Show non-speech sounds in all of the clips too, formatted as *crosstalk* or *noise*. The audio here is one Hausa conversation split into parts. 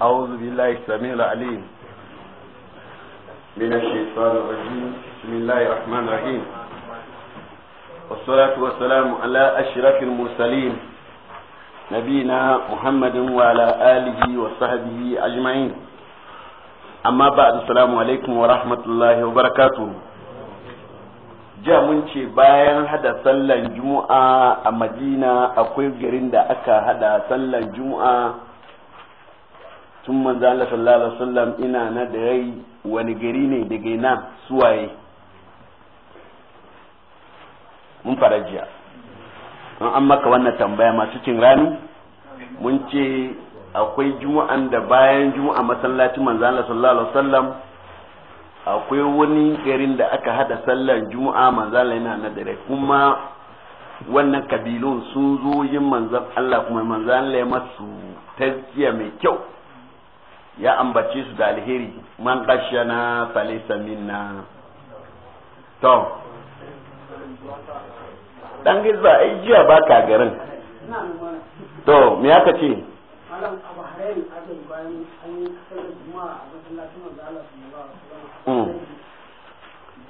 أعوذ بالله السميع العليم من الشيطان الرجيم بسم الله الرحمن الرحيم والصلاة والسلام على أشرف المرسلين نبينا محمد وعلى آله وصحبه أجمعين أما بعد السلام عليكم ورحمة الله وبركاته jiya mun ce bayan hada sallan juma'a a madina akwai garin da aka hada sallan juma'a tun manzo Allah sallallahu alaihi wasallam ina na da yayi wani gari ne daga ina suwaye mun fara jiya an maka wannan tambaya masu cin rani mun ce akwai juma'an da bayan juma'a masallacin manzo Allah sallallahu alaihi wasallam akwai wani garin da aka hada sallar juma'a manzo Allah yana na rai, kuma wannan kabilun sun zo yin manzan. Allah kuma manzo Allah ya masu tazkiya mai kyau ya ambace su da alheri man kashana falisa minna to dan gizza ai jiya ba ka garin to me aka ce mm.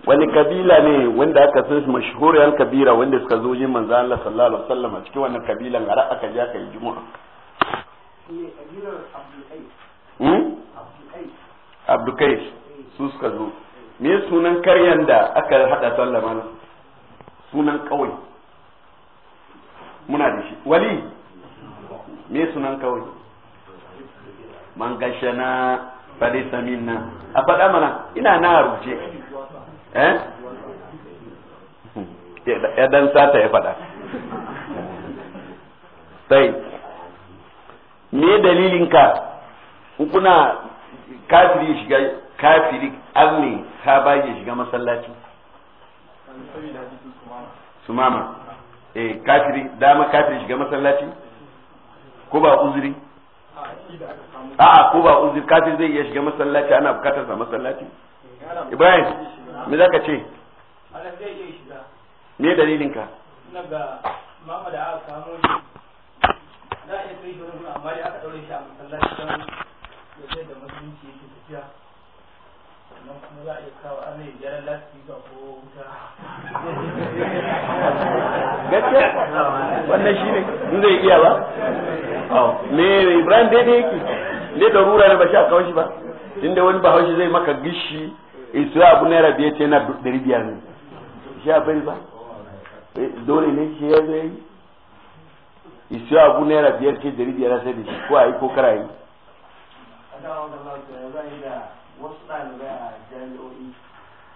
wani kabila ne wanda aka san su mashhuriyar kabira wanda suka zo yin manzo Allah sallallahu alaihi wasallam a cikin wannan kabilan har aka je aka yi juma'a Hmm? abdukais su suka zo me sunan karyan da aka hada sallama sunan kawai muna da shi wali me sunan kawai man gashana fadai samin nan a faɗa mana ina na rubuce eh ya dan sata ya faɗa sai me dalilinka kuna kafiri ya shiga kafiri arne ka ba ya shiga masallaci sumama eh kafiri dama kafiri shiga masallaci ko ba uzuri a ko ba uzuri kafiri zai iya shiga masallaci ana bukatar sa masallaci ibrahim me zaka ce me dalilin ka da aka samu da ya shi shi a masallaci inji yake tafiya sannan kuma za a iya kawo amai gyaran lasfika ko wuta gaskiya wannan shi ne in zai iya ba me ibrahim daidai yake ne da rura ne ba shi a ba tunda wani zai maka gishi abu naira biyar ce na biyar ne shi a bari ba eh, dole ne shi ya zai abu naira biyar ce biyar sai da shi ko a yi ko kara yi akawa da ba su zai da wasu ɗalibai a jami'o'i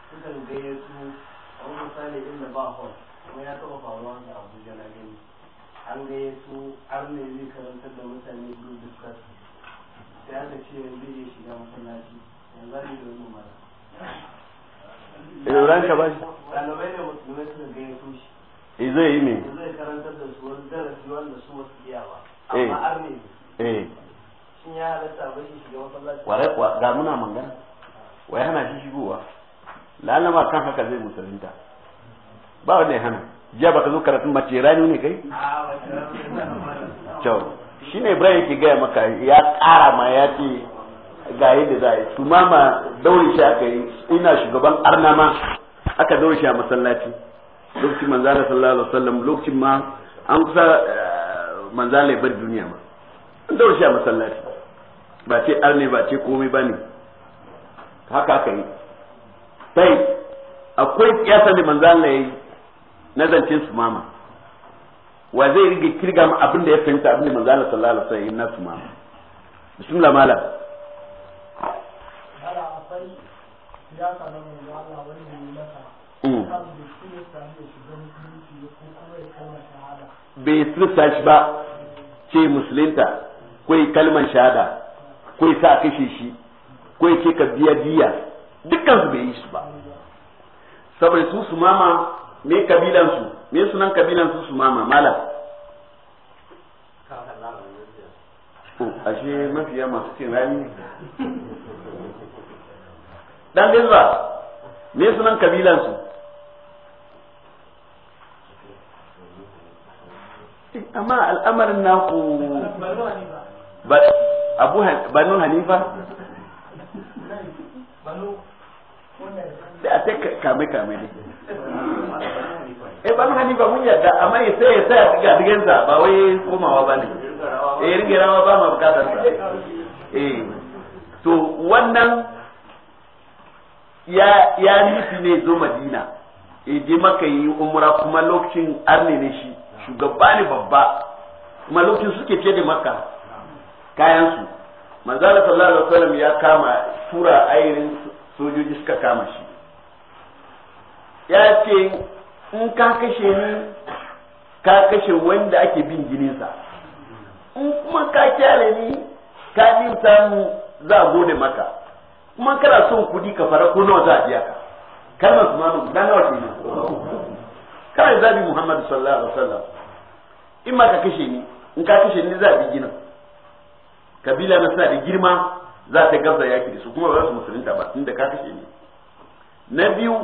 sukan gaya su a wani misali inda ba hol kuma ya taɓa faruwa da abuja na gani an gaya su har ne zai karantar da mutane biyu sai aka ce yanzu shiga masallaci yanzu da wani mara ka ba shi. Ɗalibai ne musulmai suka gaya su shi. Eh, zai yi Zai da su wani darasi wanda su wasu iya ba. Eh. Amma ne. Eh. wa kuwa ga muna mangana wa hana shi shigowa lalama kan haka zai musulunta ba wanda ya hana jiya baka zo karatun mace rani ne kai kyau shi ne ibrahim yake gaya maka ya kara ma ya ce ga yadda za a yi su ma daure shi aka yi ina shugaban arnama aka daure shi a masallaci lokacin manzala sallallahu alaihi wasallam lokacin ma an kusa eh, manzala ya bar duniya ma an daure shi a masallaci ba ce arne ba ce komai ba ne haka ka yi sai akwai kiyasa da manzo Allah yayi na zancen su mama wa zai rige kirga mu abin da ya fahimta abin da manzo Allah sallallahu alaihi wasallam na su mama bismillah mala mm. bai sirta shi ba ce musulinta kai kalmar shahada ko ya sa kashe shi ko ya ce ka biya diya dukkan su bai yi su ba saboda su su mama me kabilan su me sunan kabilan su su mama malam oh, ashe mafiya masu cin rani dan bizba me sunan kabilan su amma al'amarin naku ba abu banu hanifa da a ta kame kame ne eh banu hanifa mun yadda amma ya sai ya sa ga digansa ba wai komawa ba ne eh rige rawa ba ma bukatar sa eh to wannan ya ya nufi ne zo madina eh je maka yi umra kuma lokacin arne ne shi shugaba ne babba kuma lokacin suke ce da makka kayan su manzala sallallahu alaihi wasallam ya kama tura ayirin sojoji suka kama shi ya ce in ka kashe ni ka kashe wanda ake bin jininsa in kuma ka kyale ni ka ni samu za a gode maka kuma kana son kudi ka fara ko nawa za a biya ka kalmar su manu guda nawa ce ne kana zabi muhammadu sallallahu alaihi wasallam in ma ka kashe ni in ka kashe ni za a bi jinin. kabila na suna da girma za ta gabza yaki da su kuma ba za su musulunta ba tun da ka kashe ni na biyu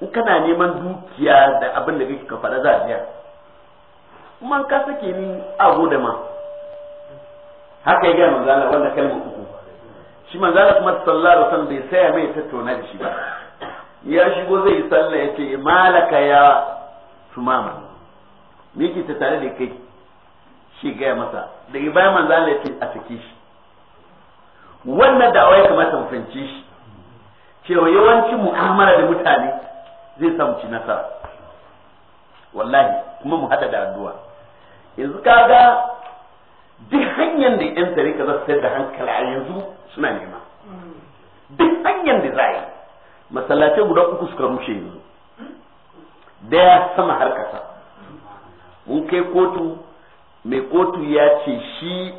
in kana neman dukiya da abin da kake ka faɗa za a biya kuma ka sake ni abu da ma haka ya gaya manzala wannan kalmar uku shi manzala kuma sallallahu san bai saya mai tattauna da shi ba ya shigo zai yi sallah ya ce malaka ya sumama me ke ta tare da kai shi gaya masa da bayan manzo Allah ya ce a sake shi wannan da'awa ya kamata mu fahimci shi cewa yawanci mu'amala da mutane zai samu ci nasara wallahi kuma mu hada da addu'a yanzu kaga duk hanyar da yan tarika za su sayar da hankali a yanzu suna nema duk hanyar da za a yi masallatai guda uku suka rushe yanzu daya sama har kasa mun kai kotu mai kotu ya ce shi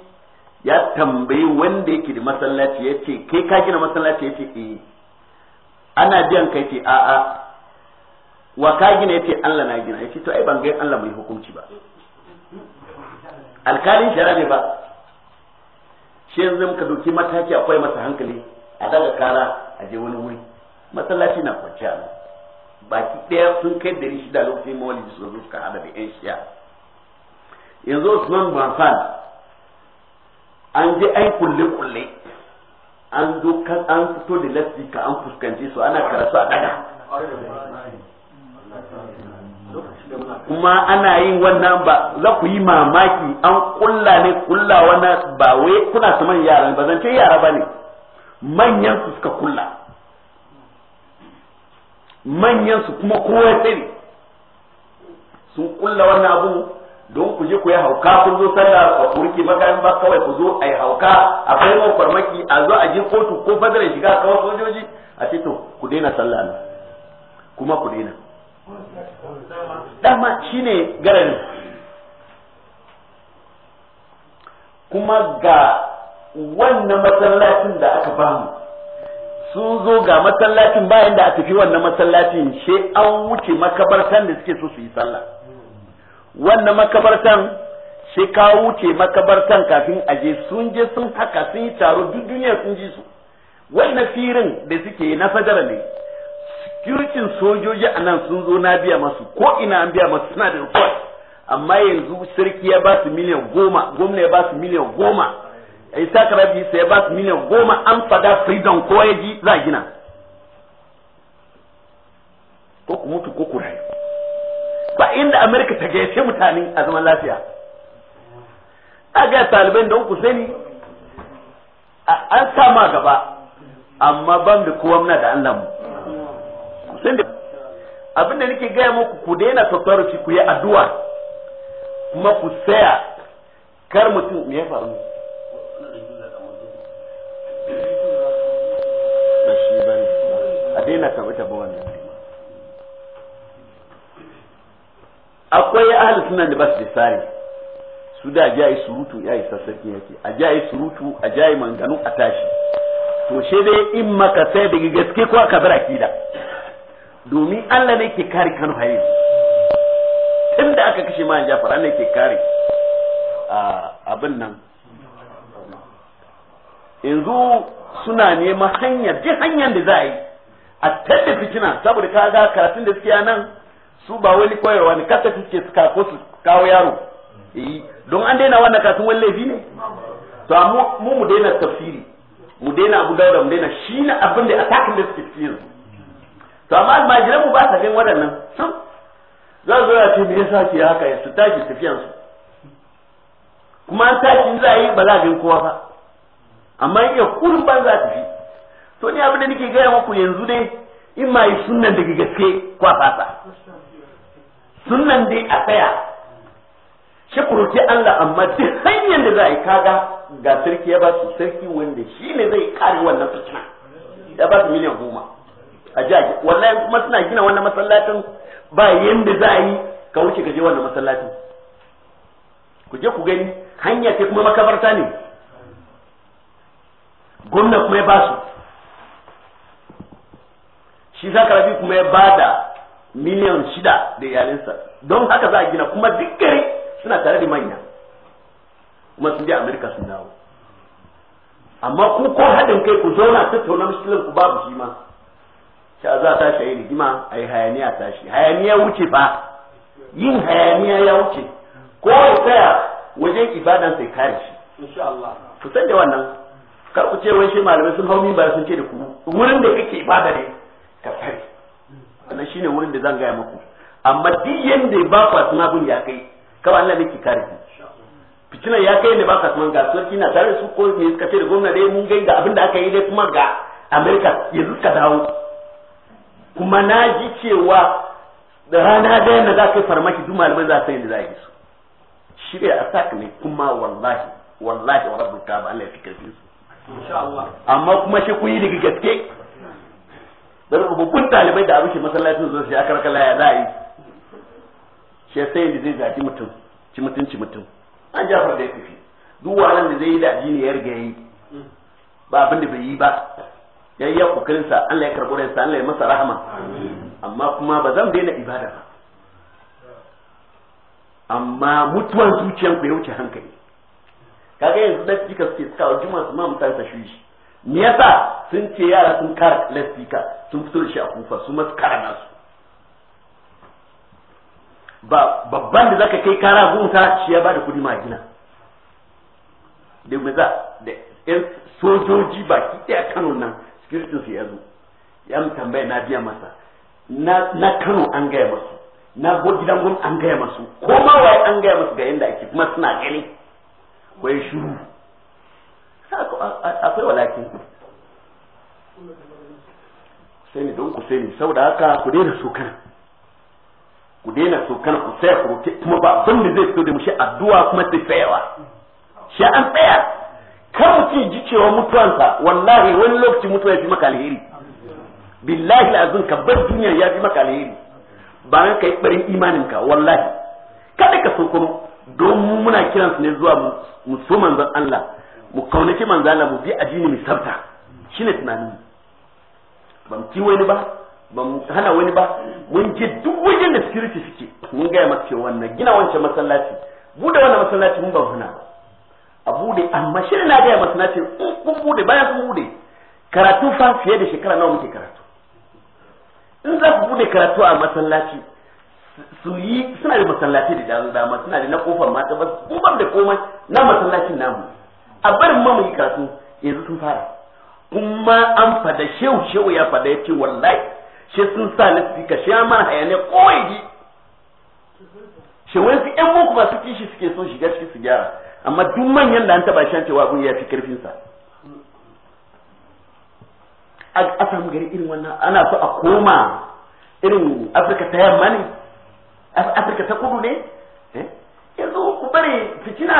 ya tambayi wanda yake da masallaci ya ce kai ka gina masallaci ya ce eh ana biyan kai ce a'a wa ka gina ya ce Allah na gina ya ce to ai ban ga Allah mai hukunci ba alkalin shara ne ba shi yanzu muka doki mataki akwai masa hankali a daga kara a je wani wuri masallaci na kwanciya baki ɗaya sun kai dari shida lokacin mawali su zo suka hada da yan shiya yanzu Usman Banfan an je ai kulle kulle an zo kan an fito da ka an fuskanci su ana karatu a daga kuma ana yin wannan ba za ku yi mamaki an kulla ne kulla wannan ba wai kuna man yara ba zance yara ba ne manyan su suka kulla manyan su kuma kowa sai sun kulla wannan abu don ku je ku yi hauka kun zo sallah ba ku rike makarin ba kawai ku zo a yi hauka akwai mun farmaki a zo a je kotu ko fadar shiga a kawai sojoji a ce to ku daina sallah nan kuma ku daina dama shine garani kuma ga wannan masallacin da aka bamu sun zo ga masallacin bayan da a tafi wannan masallacin sai an wuce makabartan da suke so su yi sallah wannan makabartan sai ka wuce makabartan kafin aje sun je sun haka sun yi taro duk duniya sun ji su wannan firin da suke na fajara ne kirkin sojoji a nan sun zo na biya masu ko ina an biya masu suna da report amma yanzu sarki ya ba su miliyan goma gwamna ya ba su miliyan goma a yi karabi sai ya ba su miliyan goma an fada freedom ko ya ji za gina ko ku mutu ko ku rayu ba inda amerika ta gaishe mutane a zaman lafiya a ga taliban don ku sani an sama gaba amma ban da kowa muna da allah mu abin da nake gaya muku ku daina tasarrufi ku yi addu'a kuma ku saya kar mutum me ya faru a daina tabi akwai ahli suna da basu lisani su da ajiya surutu ya yi yake ajiya yi surutu ajiya yi manganu a tashi to she dai in maka sai daga gaske ko aka bar akida domin Allah ne ke kare Kano haye tun da aka kashe man Jafar Allah ke kare abin nan yanzu suna neman hanyar duk hanyar da za a yi a tattafi kina saboda kaga karatun da suke nan su ba wani koyarwa ne kasa suke suka ko su kawo yaro eh don an daina wannan kasan wani laifi ne to mu mu daina tafsiri mu daina abu dauda mu daina shi ne abin da atakin da suke cikin to amma almajiran mu ba sa gani waɗannan sam za su ya ce me yasa ke haka ya su tashi tafiyan su kuma an tashi za a yi ba za a gani kowa ba amma iya kurin ban za tafi to ni abin da nake gaya muku yanzu dai in ma yi sunnan daga gaske kwa fasa sunan dai a tsaya shi kuroki Allah amma duk hanyar da za a yi kaga ga sarki ya ba su sarki wanda shi ne zai kare wannan fitina ya ba su miliyan goma a jaji wallahi kuma suna gina wannan masallacin ba yanda za a yi ka wuce ka je wannan masallacin ku je ku gani hanya ce kuma makabarta ne gwamna kuma ya ba su shi zakarabi kuma ya bada miliyan shida da iyalinsa don haka za a gina kuma duk gari suna tare da manya kuma sun je amerika sun dawo amma ku ko haɗin kai ku zauna tattauna musulun ku babu shi ma sha za a tashi a yi rigima a yi hayaniya tashi shi hayaniya wuce ba yin hayaniya ya wuce ko ya tsaya wajen ibadan sai kare shi ku san da wannan kar ku ce wai shi malamai sun hau mimbar sun ce da ku wurin da kake ibada ne ka tsare wannan shine wurin da zan gaya muku amma duk yanda ba kwa sun gun ya kai kawai Allah ne ke kare ki fitina ya kai ne ba ka sun ga sarki na tare su ko ne suka ce da gwamna dai mun ga abin da aka yi dai kuma ga America yanzu ka dawo kuma na ji cewa da rana daya na za ka yi farmaki duk malamai za su yi da za yi su shirya a sa ne kuma wallahi wallahi wa rabbul kaaba Allah ya fi karfin su amma kuma shi kun yi daga gaske da rububun talibai da abin shi masallacin zuwa shi aka raka laya za a yi shi sai da zai zaci mutum ci mutum ci mutum an jafar da ya tafi duk wannan da zai yi da addini ya riga yi ba abin da bai yi ba ya yi ya kokarin sa Allah ya karɓo ransa Allah ya masa rahama amma kuma ba zan daina ibada ba amma mutuwan zuciyan ku ya wuce hankali kaga yanzu da kika suke suka juma'a su ma mutane shi me yasa sun ce yara sun kar lastika sun fito da shi a kufa su maskara nasu ba babban da zaka kai kara gunta shi ya bada kudi ma gina da maza da yan sojoji baki daya kano nan sikiritin su ya zo ya mu tambaya na biya masa na kano an gaya masu na gidan gun an gaya masu ko ma wai an gaya masu ga yanda ake kuma suna gani wai shuru akwai walakin ne don ku ne saboda haka ku daina sokar ku daina sokar ku tsaya ku roke kuma ba abin da zai fito da mu shi addu'a kuma sai tsayawa shi an tsaya kar ci ji cewa mutuwansa wallahi wani lokaci mutuwa ya fi maka alheri billahi azun ka bar duniya ya fi maka alheri ba ka kai barin ka wallahi kada ka kuma don muna su ne zuwa so manzon Allah mu kaunaki manzon Allah mu bi addini mu sabta shine tunanin ban ci wani ba ban hana wani ba mun je duk wajen da security suke mun gaya maka cewa wannan gina wancan masallaci bude wannan masallaci mun ban hana ba a bude amma shi na gaya masa na ce kun mm, bude bayan kun bude karatu fa fiye da shekara nawa muke karatu in za ku bude karatu a masallaci su yi suna da masallaci da dama suna da na kofar mata ba su da komai na masallacin namu a barin ma yi karatu yanzu sun fara kuma an fada shehu shehu ya fada ya wallahi shi sun sa su sika shi amma hayane koyi shi wani su yan muku masu kishi suke so shiga ciki su gyara amma duk manyan da an taba shan cewa abun ya fi karfin sa a samu gari irin wannan ana so a koma irin afirka ta yamma ne afirka ta kudu ne eh? yanzu ku bari fitina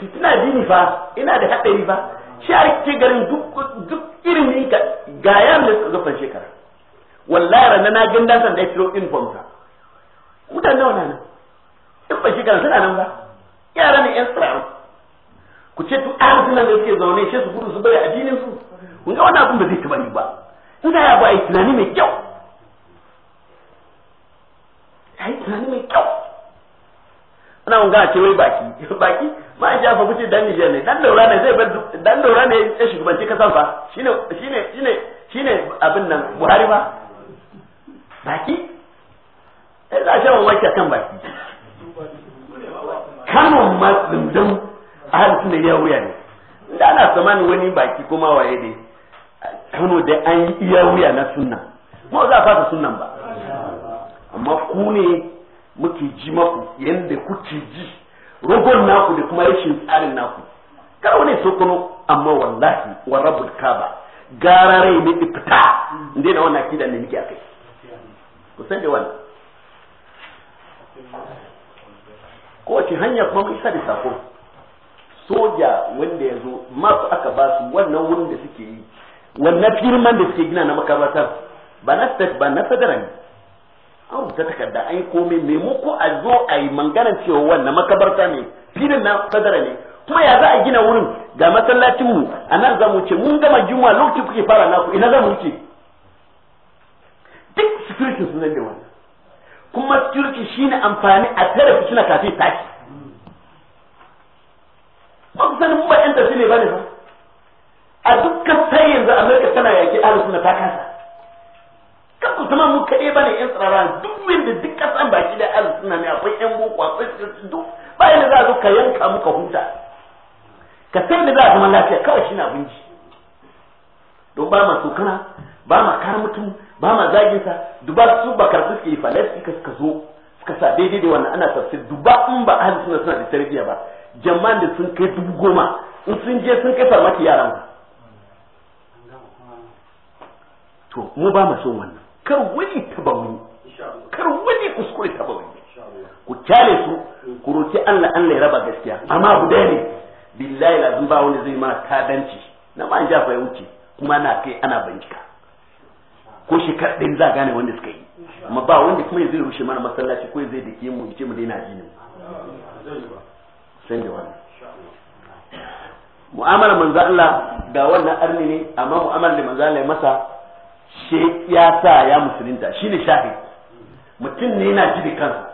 fitina dini fa ina da hadari fa shi a garin duk irin ga ga yaran da suka zafan shekara wallahi ran na gin dan da ya firo in sa mutane nawa nan in ba shekara suna nan ba yara ne yan tsiraru ku ce duk suna da suke zaune shi su gudu su bari addinin su kun ga wannan abin ba zai taba ni ba in ga ya ba a tunani mai kyau a yi tunani mai kyau ana wanga a ce wai baki *laughs* baki ma a shafa mutum dan nijiyar ne dan daura ne zai bar dan daura ne ya shugabanci kasan fa shine shine shine shine abin nan Buhari ba baki sai eh, za a shafa wanke kan baki kano ma dindin a halittu ne ya wuya ne da ana tsamanin wani baki kuma waye ne kano da an yi iya wuya na sunna ma za a fata sunnan ba amma ku ne muke ji maku yadda kuke ji rogon naku da kuma rashin tsarin naku kar wani sokono amma wallahi wa rabbul kaba gara rai ne ifta inde na wannan akida ne nake akai ku san da wannan ce hanya kuma isa da sako soja wanda ya zo masu aka ba su wannan wurin da suke yi wannan firman da suke gina na makabatar ba na ba na federal an rubuta takarda an yi komai maimako a zo a yi manganan cewa wannan makabarta ne filin na sadara ne kuma ya za a gina wurin ga masallacin mu a nan za mu ce mun gama juma lokacin kuke fara naku ina za mu wuce duk security sun zai wannan kuma shi ne amfani a tare fitina kafin tashi ba ku sani mun ba yan tafi ne ba ne ba a dukkan sai yanzu amurka tana yaƙi ahlus sunna ta kasa zama mu kaɗai ba ne 'yan tsirara duk wanda duk ƙasan baki da arziki suna ne akwai 'yan boko akwai duk bayan da za a zo ka yanka muka huta ka san da za a zama lafiya kawai shi na abinci don ba ma tsokana ba ma kar mutum ba ma zagin sa duba su ba karfi suke yi ka suka zo suka sa daidai da wannan ana tafsir duba in ba ahli suna suna da tarbiyya ba jama'an da sun kai dubu goma in sun je sun kai farmaki yaran to mu ba mu son wannan kar wani taba wani kar wani kuskure taba wani ku kyale su ku roki Allah Allah ya raba gaskiya amma ku da ne billahi lazim ba wani zai mana kadanci na ma ja fa wuce kuma na kai ana bincika ko shekar din za gane wanda suka yi amma ba wanda kuma zai rushe mana masallaci ko zai dake mu ce mu daina jini sai da wannan mu'amalar manzo Allah ga wannan arni ne amma mu'amalar da manzo Allah ya masa shi ya sa ya musulunta shine shafi mutum ne yana ji kan kansa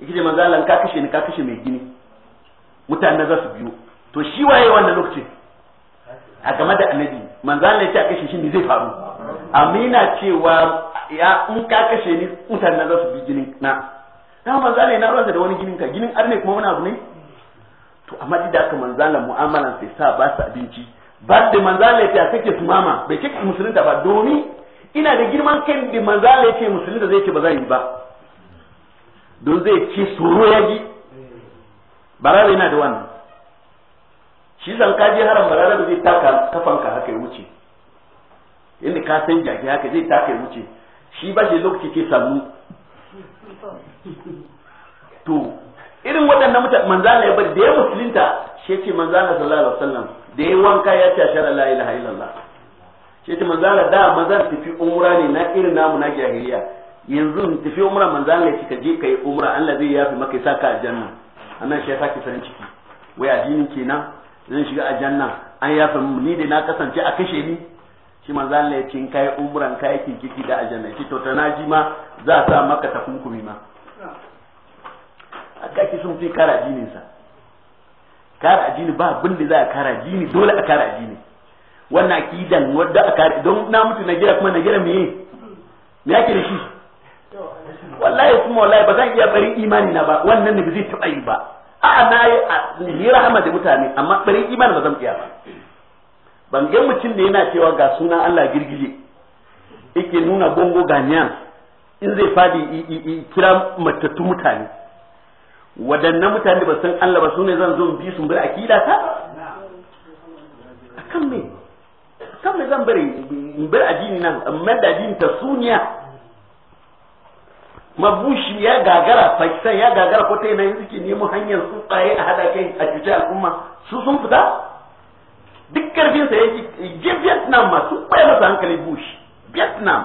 yake ce manzo ka kashe ni ka kashe mai gini mutane za su biyo to shi waye wannan lokacin a game da annabi manzo Allah ya ce a kashe shi ne zai faru amina cewa ya in ka kashe ni mutane za su bi gini na dan manzo Allah na ruwansa da wani ginin ka ginin arne kuma wani abu ne to amma da ka manzo Allah mu'amalan sai sa ba su abinci ba da manzala ta kake su mama bai kike musulunta ba domin ina da girman kai da manzala ya ce musulunta zai ce ba zai yi ba don zai ce tsoro ya ji barara yana da wannan shi zan kaji haram barara da zai taka kafanka haka ya wuce inda ka san jaki haka zai taka ya wuce shi ba shi lokaci ke sannu to irin waɗannan mutane manzala ya bari da ya musulunta shi ce manzala sallallahu alaihi wasallam da ya wanka ya ce shara la ilaha illallah ce ta manzala da maza tafi umra ne na irin namu na jahiliya yanzu tafi umra manzala ya ka je kai umra Allah zai yafi maka ya saka aljanna annan shi ya saki farin ciki wai addinin kenan zan shiga aljanna an yafi ni da na kasance a kashe ni shi manzala ya ce in kai umran kai kinkiki da aljanna shi to na ji ma za a sa maka takunkumi ma a kaki sun fi kara jininsa kara addini ba abin da za a kara addini dole a kara addini wannan akidan wadda a kara don na mutu na gira kuma na gira meye me yake da shi wallahi kuma wallahi ba zan iya bari imani na ba wannan ne ba zai taɓa yi ba a na yi rahama da mutane amma bari imani ba zan iya ba ban ga mutum da yana cewa ga sunan Allah girgije yake nuna bongo ganyan in zai fadi kira matattu mutane waɗannan mutane da ba san Allah ba su ne zan zo bi sun bar akida ta akan me akan me zan bari in bar addini nan amma da addini ta suniya mabushi ya gagara pakistan ya gagara ko ta yana yanzu ke nemo hanyar tsaye a hada kai a cuce al'umma su sun fita duk karfin sa yake je vietnam ma su bai masa hankali bush vietnam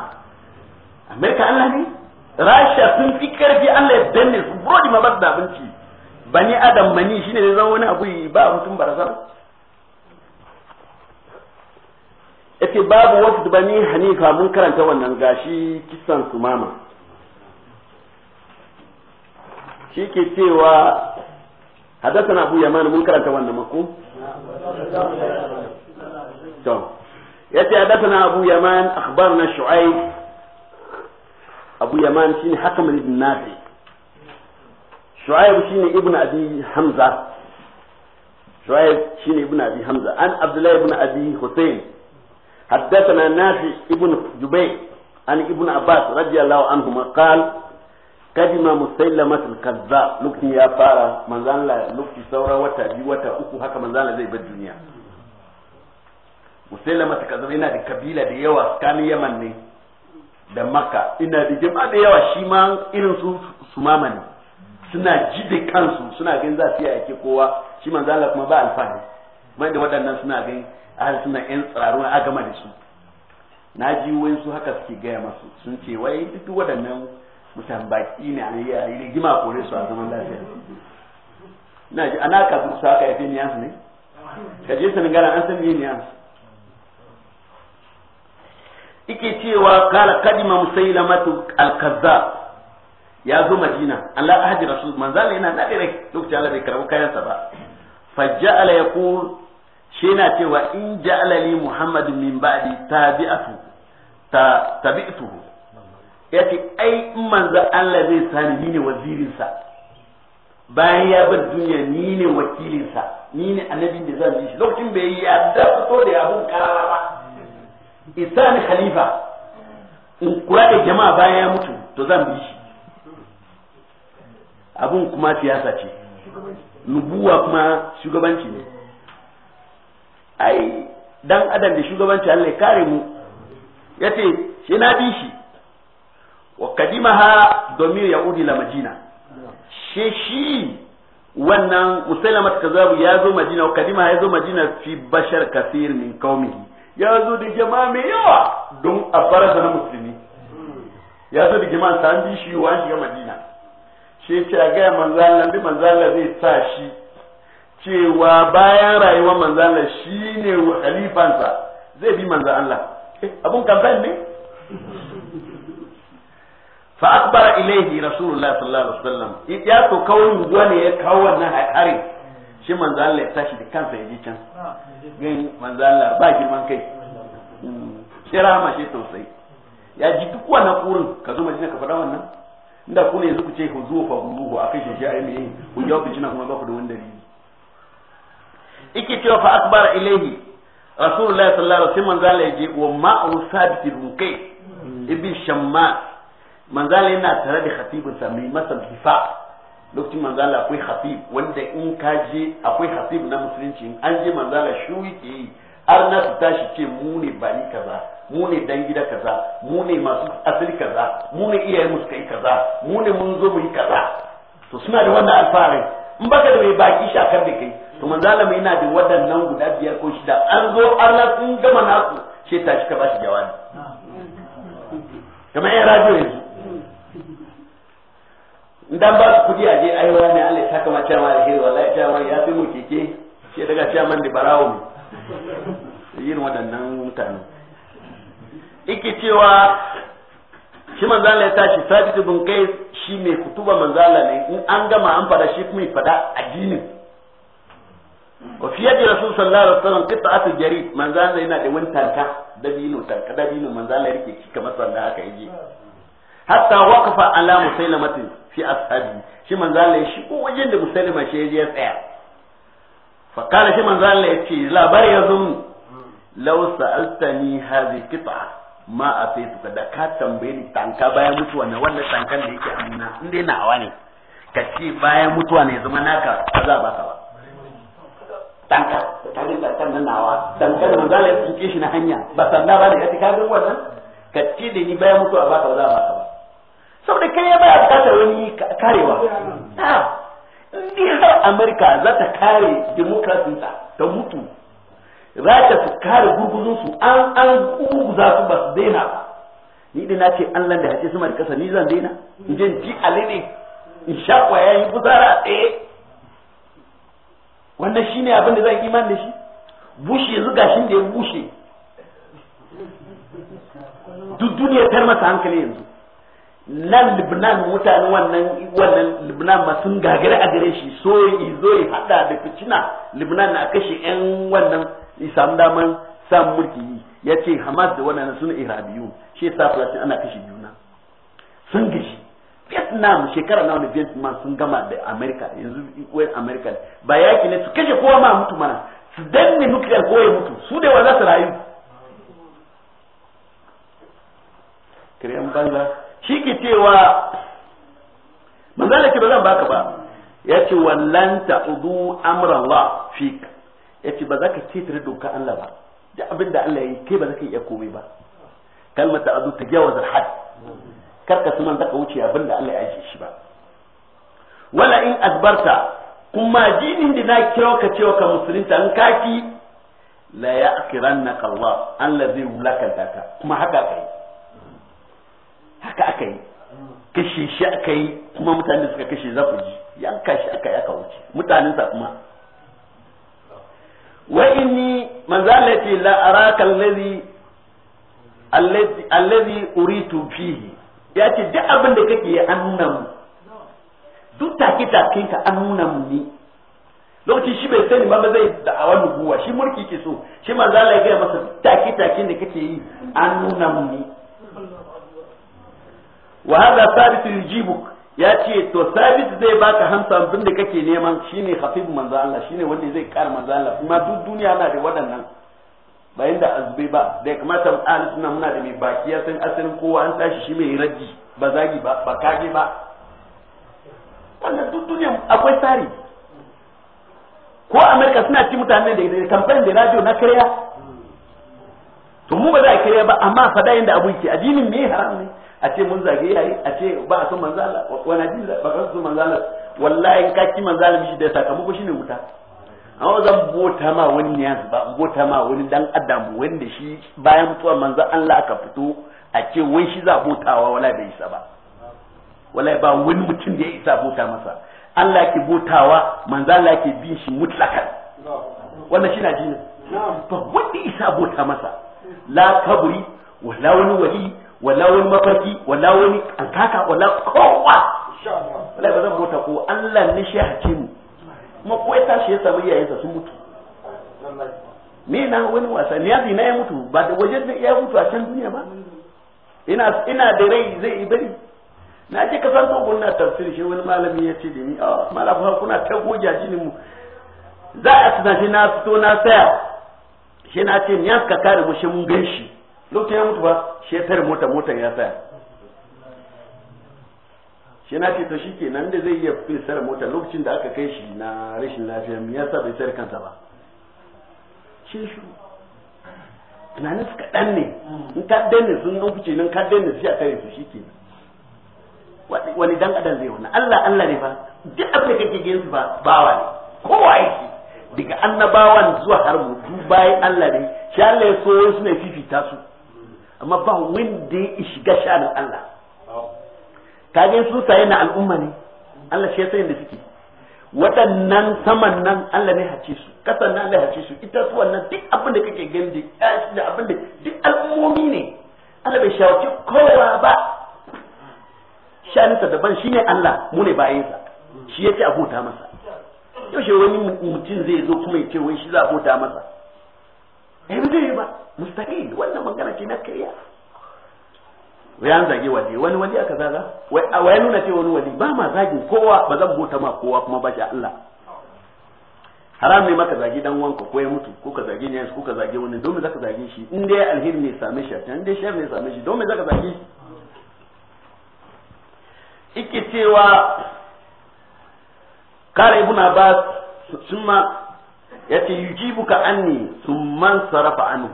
amerika allah ne rasha sun fi karfi Allah ya danne su burodi ma ba da abinci bani adam mani shine ne zama wani abu ba mutum barasa yace babu da bani hanifa mun karanta wannan gashi kisan su mama shi ke cewa na abu yaman mun karanta wannan mako to yace na abu yaman na shu'aib abu yaman shi shine hakam ibn nafi shi ne ibn abi hamza shi ne ibn abi hamza an abdullah ibn abi husayn حدثنا نافع ابن جبير عن Abbas عباس رضي الله عنهما قال kadima musailamatul kazzab lokacin ya fara manzala lokaci saura wata biyu wata uku haka manzala zai bar duniya musailamatul kazzab yana da kabila da yawa tsakanin yaman ne da maka ina da jama'a da yawa shi ma irin su sumama ne suna ji da kansu suna ganin za su yi ake kowa shi manzo Allah kuma ba alfani mai da waɗannan suna ganin ahal suna yan tsaro a gama da su na ji wai su haka suke gaya masu sun ce wai duk waɗannan mutan baki ne a yi rigima kore su a zaman lafiya na ji ana ka su haka yafi niyansu ne ka je sanin gara an san niyansu ike cewa kala kadima musailamatu al-kazzab ya zo madina Allah ahdi rasul manzala yana na dare lokacin Allah bai karbu kayan sa ba faja'ala yaqul shi na cewa in ja'ala li muhammad min ba'di tabi'atu ta tabi'tuhu yace ai in manzo Allah zai sani ni ne wazirin sa bayan ya bar duniya ni ne wakilin sa ni ne annabin da zan bi shi lokacin bai yi yarda fito da abun karara ba isani khalifa in kula da jama'a bayan ya mutu to zan bi shi abun kuma siyasa ce nubuwa kuma shugabanci ne ai dan adam da shugabanci Allah ya kare mu yace shi na bi shi wa kadimaha domin udi la madina she shi wannan musalama kazabu ya zo madina wa kadimaha ya zo madina fi bashar kasir min qaumihi ya zo da jama'a mai yawa don a fara na musulmi ya zo da jama'a ta bi shi wa shiga madina shi ce a gaya manzala bi manzala zai sa shi cewa bayan rayuwar manzala shi ne halifansa zai bi manzan Allah eh, abun kamfen ne fa akbara ilaihi rasulullah sallallahu alaihi wasallam ya to kawai ne ya kawo wannan harin shi manzo Allah ya tashi da kansa ya je can ah, gani manzo Allah ba girman kai hmm. shi rahama shi tausayi ya ji duk wannan kurin ka zo majina ka faɗa wannan inda ku ne yanzu ku ce ku zo fa ruhu akai shi shi ai me ku jawo bincina kuma ba ku da wanda ne ike cewa fa akbar ilaihi rasulullahi sallallahu alaihi wasallam manzo Allah ya je wa ma'u sabit rukai hmm. ibn shamma manzo Allah yana tare da sa mai masa bifa lokacin manzala akwai habib wanda in ka je akwai habib na musulunci an je manzala shuwi ke yi har na su tashi ce mu bani kaza mu ne dan gida kaza mu ne masu asali kaza mu ne iyayen mu suka yi kaza mu ne mun zo mu yi kaza to suna da wannan alfarin in baka da mai baki shakar da kai to manzala mai yana da waɗannan guda biyar ko shida an zo sun gama nasu sai tashi ka shi jawabi kamar yan radiyo yanzu dan ba su kudi a je ai ne Allah ya kama cewa alheri wallahi ta wani ya fi mu keke ke daga ta man da barawo ne yin waɗannan mutane ike cewa shi manzo Allah ya tashi sabit bin qais shi mai kutuba manzo Allah ne in an gama an fada shi kuma ya fada addinin wa fi yadi rasul sallallahu alaihi wasallam qita'atu jarid manzo Allah yana da wani tanka dabino tanka dabino manzo Allah yake ci kamar sanda haka yaje hatta waqafa ala musailamatin fi ashabi shi manzo Allah shi ko wajen da musulma shi ya tsaya fa kana shi manzo Allah ya ce labari ya zum law sa'altani hadhi qit'a ma ataitu da ka tambaye ni tanka bayan mutuwa ne wannan tankan da yake amina in dai nawa ne ka ce bayan mutuwa ne zama naka ba za ba ka ba tanka ta ga tankan na nawa tankan manzo Allah ya tsinke shi na hanya ba sanda ba ne ka ka ga wannan ka ce da ni bayan mutuwa ba ka ba za ba ka saboda kare baya bukatar wani karewa ni har amurka za ta kare demokrasinta ta mutu za ta su kare su an an za su ba su daina ba ni din na ce allah da hace sama da kasa ni zan daina in je ji alini in sha kwaya yi guzara a tsaye wannan shine abin da zan iman da shi bushe yanzu gashin da ya bushe duk duniya tar masa hankali yanzu nan Libnan mutanen wannan wannan Libnan ma sun gagare a gare shi so yi zo yi hada da fitina Libnan na kashe yan wannan isam daman samun mulki ya ce Hamas da wannan sun irabiyu shi yasa Falastin ana kashe juna sun gashi Vietnam shekara nawa ne Vietnam sun gama da America yanzu wani America ba yaki ne su kashe kowa ma mutu mana su danne nuclear ko ya mutu su da wa za su rayu kare an banza shi ke cewa manzala ba zan baka ba ya ce wallan ta'udu amrallah fik ya ce ba za ka ketare doka Allah ba da abin da Allah ya yi kai ba za ka iya komai ba kalmar ta'udu ta jawazar had kar ka suman zaka wuce abin da Allah ya ajiye shi ba wala in asbarta kuma jinin da na kira ka cewa ka musulunta in kafi la ya akiran na kalwa. Allah zai wulakanta ka kuma haka kai haka aka yi kashe shi aka yi kuma mutane suka kashe za ku ji yanka shi aka yi aka wuce mutanen sa kuma wa inni manzalati la araka allazi allazi uritu fihi ya ce duk abin da kake yi an nuna mu duk take take ka an nuna mu ne lokacin shi bai sani ba zai wannan nubuwa shi mulki ke so shi manzalai ga masa take take da kake yi an nuna mu ne wa hada sabit yujibuk ya ce to sabit zai baka hamsa abin da kake neman shine hafiz manzo Allah shine wanda zai kara manzo Allah kuma duk duniya na da waɗannan bayan da azbi ba da kamata ahli sunna muna da mai baki ya san asalin kowa an tashi shi mai raji ba zagi ba ba kage ba wannan duk duniya akwai tsari ko amerika suna ci mutane da kamfanin da radio na karya to mu ba za a karya ba amma fada yadda abu yake addinin me haram ne a ce mun zage yayi a ce ba a son manzo Allah wani hadisi ba ka son manzo Allah wallahi in ka ki manzo Allah mishi da sakamako shine wuta amma zan bota ma wani ne ba bota ma wani dan adam wanda shi bayan mutuwar manzo Allah aka fito a ce wai shi za botawa wala bai isa ba wallahi ba wani mutum da ya isa bota masa Allah ke botawa manzo Allah ke bin shi mutlakan wannan shi na jini ba wanda isa bota masa la kabri wala wani wali wala wani mafarki wala wani alkaka wala kowa wala ba zan bota ko Allah ne shi mu kuma ko ya tashi ya samu iyayensa sun mutu me na wani wasa ne yazi na ya mutu ba da wajen da ya mutu a can duniya ba ina ina da rai zai yi bari na je kasar kogon na tafsiri shi wani malami ya ce da ni a ah, malafa kuna ta goja jinin mu za a tuna shi na fito na saya shi na ce ni ya suka kare mu shi mun gan shi lokacin ya mutu ba shetar mota mota ya tsaya shi na ce to shi ke nan da zai iya fisar mota lokacin da aka kai shi na rashin lafiya ya yasa bai tsar kansa ba shi shi tunanin su kaɗan ne in kaɗan ne sun lokaci nan kaɗan ne shi a kare su shi ke wani dan adam zai wani Allah Allah ne ba duk abin da kake gani su ba bawa ne kowa yake daga annabawan zuwa har mu bayan Allah ne shi Allah ya so wasu ne fifita su amma ba wanda ya shiga sha'anin Allah kage su saye na al'umma ne Allah shi ya sani da suke waɗannan saman nan Allah ne hace su kasan nan Allah hace su ita su wannan duk abin da kake gani da da abin da duk al'ummomi ne Allah bai shawarci kowa ba sha'aninsa daban shine Allah mu ne bayansa shi yake abota masa yaushe wani mutum zai zo kuma ya ce wai shi za a bota masa eh ba zai yi ba mustahil wannan magana ce na kariya wai an zage wali wani wali aka zaga wai ya nuna ce wani wali ba ma zagin kowa ba zan bota ma kowa kuma ba shi Allah haram ne maka zagi dan wanka ko ya mutu ko ka zage ne ko ka zage wani domin zaka zage shi in dai alheri ne same shi in dai shar ne same shi domin zaka zage shi ikke cewa kare ibn abbas sun ma yace yujibuka anni summan sarafa anhu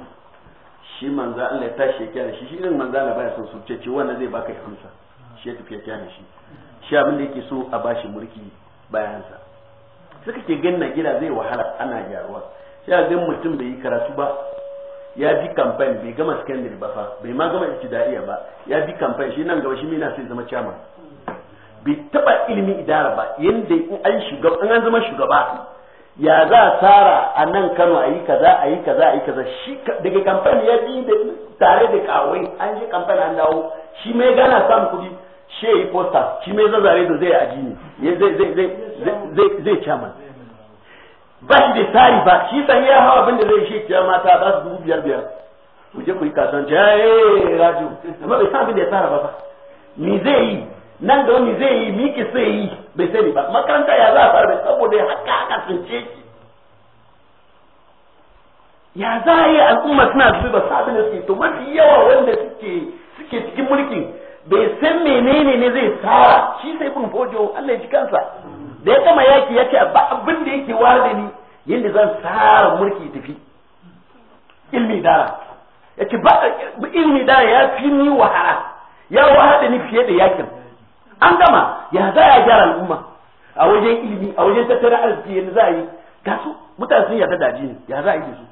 shi manzo Allah ya tashi kiyaye shi shi irin manzo Allah baya son su ce wannan zai baka amsa shi ya tafi kiyaye shi shi abin da yake so a bashi mulki bayan sa suka ke ganna gida zai wahala ana gyaruwa sai a ga mutum bai yi karatu ba ya bi campaign bai gama scandal ba fa bai ma gama ibtidaiya ba ya bi campaign shi nan gaba shi mai na sai zama chairman bai taba ilimin idara ba yanda an shugaba an zama shugaba ya za a tsara a nan kano a yi kaza a yi kaza a yi kaza shi daga kamfani ya da tare da kawai an shi kamfani an dawo shi mai gana samun kudi shi ya yi posta shi mai zazzare da zai aji ne zai chairman ba shi da tsari ba shi san ya hawa abin da zai shi ya mata ba su dubu biyar biyar ku je ku yi kasuwanci ya eh, yi rajo amma bai san abin da ya tsara ba ba me zai yi nan da wani zai yi miki sai yi bai sani ba makaranta ya za a fara saboda haka haka tsince shi ya za a yi al'umma suna zuba ba sabin da suke to mafi yawa wanda suke suke cikin mulkin bai san menene ne zai tsara shi sai kun fojo Allah ya ji kansa da ya kama yaki ya ba abin da yake ware ni yadda zan tsara mulki tafi ilmi dara ya ba ilmi dara ya fi ni wahala ya wahala ni fiye da yakin an gama ya za a gyara al'umma a wajen ilimi a wajen tattalin arziki yadda za a yi ga su mutane sun yarda daji ne ya za a yi da su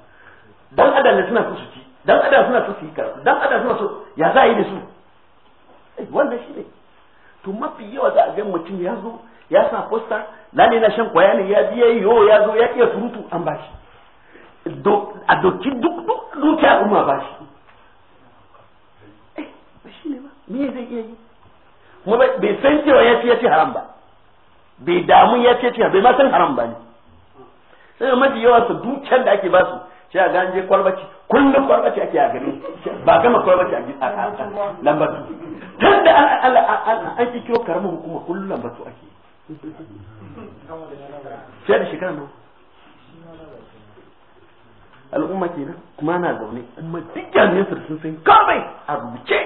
dan adam ne suna so su ci dan adam suna so su yi karatu dan adam suna so ya za a yi da su eh, wannan shi ne to mafi yawa za a ga mutum ya zo ya sa posta ne na shan kwaya ne ya biya yo ya zo ya iya surutu an ba shi a doki duk duk dukiya umma bashi eh ba shi ne ba me zai iya yi kuma bai san cewa ya ce ya ce haram ba bai damu ya ce ce bai ma san haram ba ne sai mafi yawa su dukiyar da ake ba su sai a ganje kwalbaci kullum kwalbaci ake a gari ba gama kwalbaci a lambatu tun da an ki kiro karamin hukuma kullum lambatu ake sai da shekara nan al'umma ke nan kuma na zaune amma duk jami'an sun san kawai a rubuce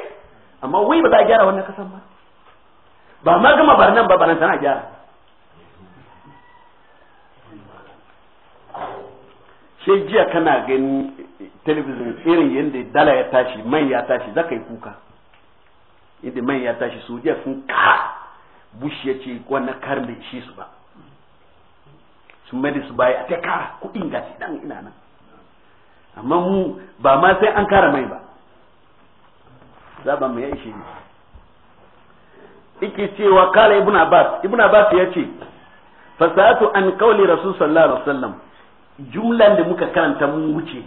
amma wai ba za a gyara wannan kasan ba ba ma gama nan ba tana gyara sai jiya kana gani telebijin irin yadda dala ya tashi mai ya tashi za ka yi kuka inda man ya tashi su jiya sun ka bush ce wannan kar mai shi su ba sun mai su baya ta kara kuɗin gasi dan ina nan amma mu ba ma sai an kara mai ba ba mu ya ishe ne yake cewa kala ibn abbas ibn abbas ya ce fasatu an kauli rasul sallallahu alaihi wasallam jumlan da muka karanta mun wuce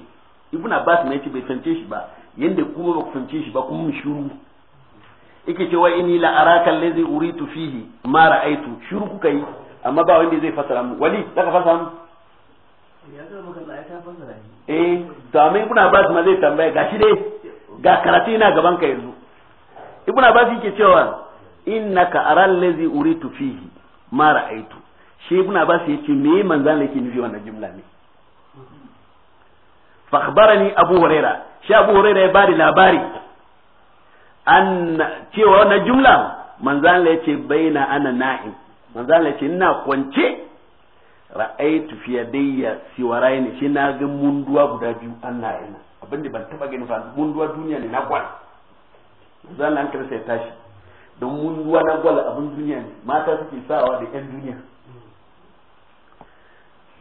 ibn abbas mai ce bai fance shi ba yanda kuma ba ku fance shi ba kuma mun shuru yake cewa inni la araka allazi uritu fihi ma ra'aitu shuru kuka yi amma ba wanda zai fasara mu wali daga fasara mu eh to amma ibn abbas ma zai tambaya gashi dai ga karatu ina gaban ka yanzu ibn abbas yake cewa innaka aral ladhi uritu fihi ma ra'aitu shi ibn abbas yace me manzan yake nufi wannan jumla ne fa akhbarani abu huraira shi abu huraira ya bada labari an cewa wannan jumla manzan yace baina ana na'im manzan yace ina kwance ra'aitu fi yadayya siwaraini shi na ga munduwa guda biyu Allah abinda ban taba gani fa munduwa duniya ne na kwana an ya tashi don mun ruwa na gwal abin duniya ne mata suke sawa da yan duniya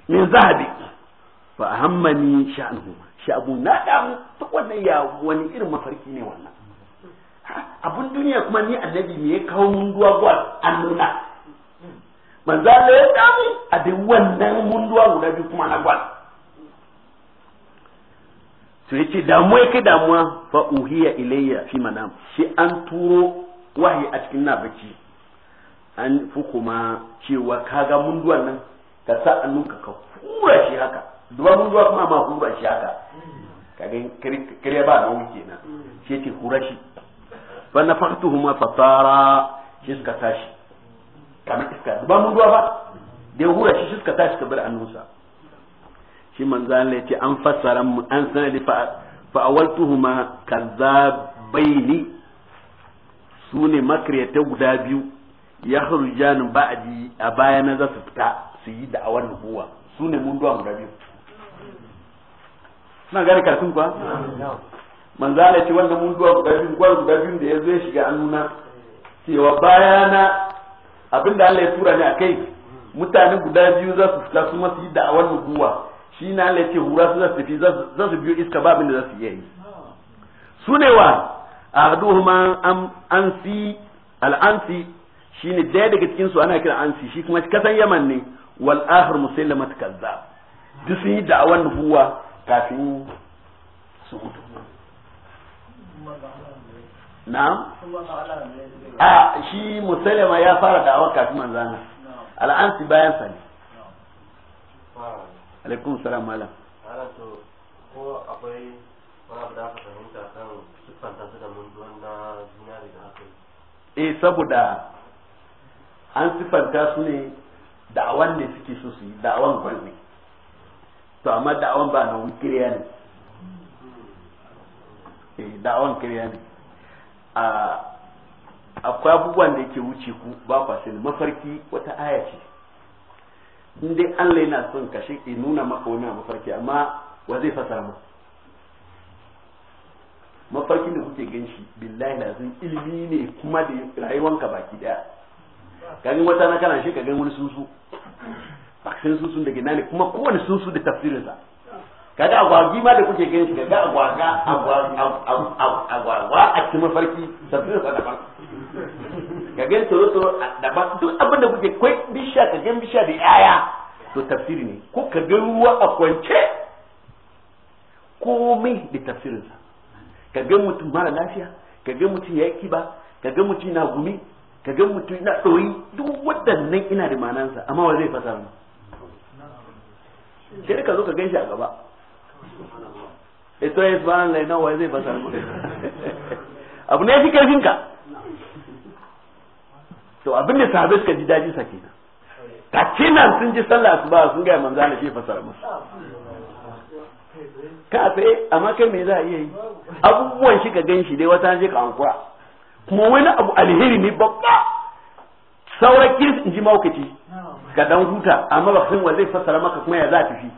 min zahabi fa hammani sha'anhu sha'abu na damu duk wannan ya wani irin mafarki ne wannan abin duniya kuma ni annabi me ya kawo mun ruwa gwal an nuna manzo Allah ya damu a da wannan mun ruwa guda biyu kuma na gwal to yace damuwa kai damuwa fa uhiya ilayya fi manam shi an turo wahayi a cikin na bacci an fi kuma cewa kaga munduwan nan ka sa annunka ka hura shi haka duba munduwa kuma ma hura shi haka kaga kare ba na wuce na shi ce hura shi fa na faktuhuma fasara shi suka tashi kamar iska duba munduwa ba da ya hura shi shi suka tashi ka bar annunsa shi manzo Allah ce an fassara an sanar da fa'awaltuhuma kazzabaini su ne makaryata guda biyu ya hurjani ba a baya na za su fita su yi awan nubuwa su ne duwa guda biyu na gane karatun kuwa manzo Allah ce mun duwa guda biyu gwar guda biyu da ya zo ya shiga nuna cewa na abinda Allah ya tura a kai mutane guda biyu za su fita su masu yi awan nubuwa shi na Allah ya ce hura su za su tafi za su biyo iska ba da za su iya yi su ne wa ahduhuma an ansi al-ansi shine daya daga cikin su ana kira ansi shi kuma kasan yaman ne wal akhir musallamat kazzab duk sun yi da'awan nubuwa kafin su mutu na'am a shi musallama ya fara da'awa kafin manzana al'ansi bayan sa ne alaikum salam malam ko akwai wani abu da aka fahimta kan eh saboda an siffanta su ne da'awan ne suke so su yi da'awan gwanne to amma da'awan ba na kiriya ne eh da'awan kiriya ne a akwai abubuwan da yake wuce ku ba kwa ne mafarki wata aya ce in dai Allah yana son kashe nuna maka wani mafarki amma wa zai fasara maka mafarkin da kuke gan shi billahi lazim ilimi ne kuma da rayuwanka baki daya gani wata na kana shi ka gani wani sunsu baksin sunsun da gina ne kuma kowane sunsu da tafsirinsa kaga agwagi ma da kuke gan shi kaga agwaga agwagwa a cikin mafarki tafsirinsa da farko ka gani tsoro daban da ba duk abin da kuke kai bisha ka gani bisha da yaya to tafsiri ne ko ka ga ruwa a kwance komai da tafsirinsa ka ga mutum mara lafiya ka ga mutum ya kiba ka ga mutum na gumi ka ga mutum na ɗoyi duk waɗannan ina da manansa amma wa zai fasara mu sai ka zo ka gan shi a gaba ito eh, ya subhanan lai wa zai fasara mu *laughs* abu ne fi karfin ka to abin da sahabbai suka ji daji sa kenan ta kenan sun ji sallah su ba sun ga manzo Allah shi fasara mu ka a tsaye amma kai me za a iya yi abubuwan shi ka gan shi dai wata je ka ankura kuma wani abu alheri ne babba sauran kirsi in ji maukaci ka dan huta amma ba san zai fassara maka kuma ya za fi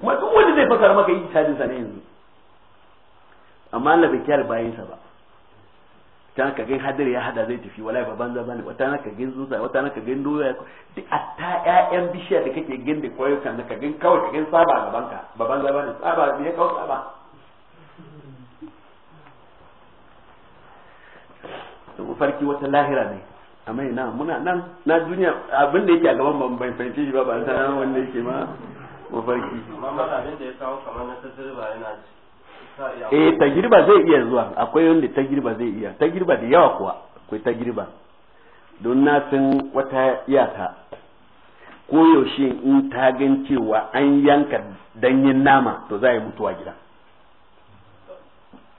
kuma duk wani zai fassara maka yi cajin sa ne yanzu amma Allah bai kiyar bayansa ba ta ka gani hadir ya hada zai tafi wallahi ba banza bane wata na ka ga zuza wata na ka ga doya duk a ta ƴaƴan bishiya da kake gin da koyukan da ka ga kawai ka ga saba gaban ka ba banza bane saba ne kawo saba to farki wata lahira ne amma ina muna nan na duniya abin da yake a gaban ban ban fahimci shi ba ba san wanda yake ma mafarki amma abin da ya kawo kamar na tsirba yana ci eh tagirba zai iya zuwa akwai wanda tagirba zai iya tagirba da yawa kuwa akwai tagirba don na san wata iyaka koyaushe in ta gan cewa an yanka danyen nama to za a yi mutuwa gida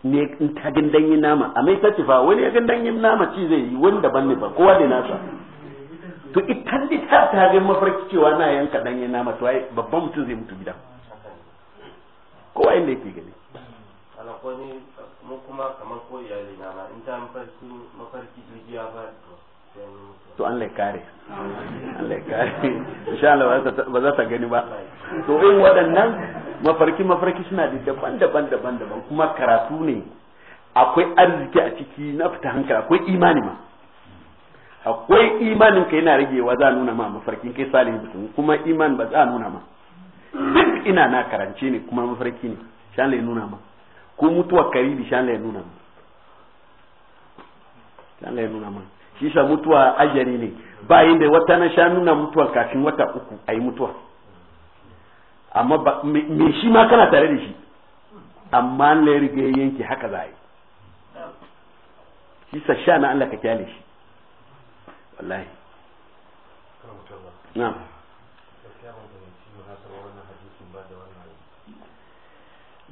ne in ta gan danyen nama a mai tace fa wani ya gan danyen nama ci zai yi wani daban ne ba kowa da nasa to ita da ta ta gan mafarki cewa na yanka danyen nama to babban mutum zai mutu gida kowa inda yake gani akwai mu kuma kamar ko iyali na na in ta mafarki mafarki jirgiya ba to an ya kare Allah ya kare insha Allah ba za ta gani ba to in waɗannan mafarki mafarki suna da daban daban daban daban kuma karatu ne akwai arziki a ciki na fita hankali akwai imani ma akwai imanin ka yana ragewa za a nuna ma mafarkin kai salihin mutum kuma iman ba za a nuna ma duk ina na karance ne kuma mafarki ne shan nuna ma ko mutuwa karibi shan lai nuna mu shan lai nuna mu shi sa mutuwa ajari ne bayan da wata na shan nuna mutuwa kafin wata uku a yi mutuwa amma me shi ma kana tare da shi amma an lai rige yanki haka za a yi shi sa sha na Allah ka kyale shi wallahi na'am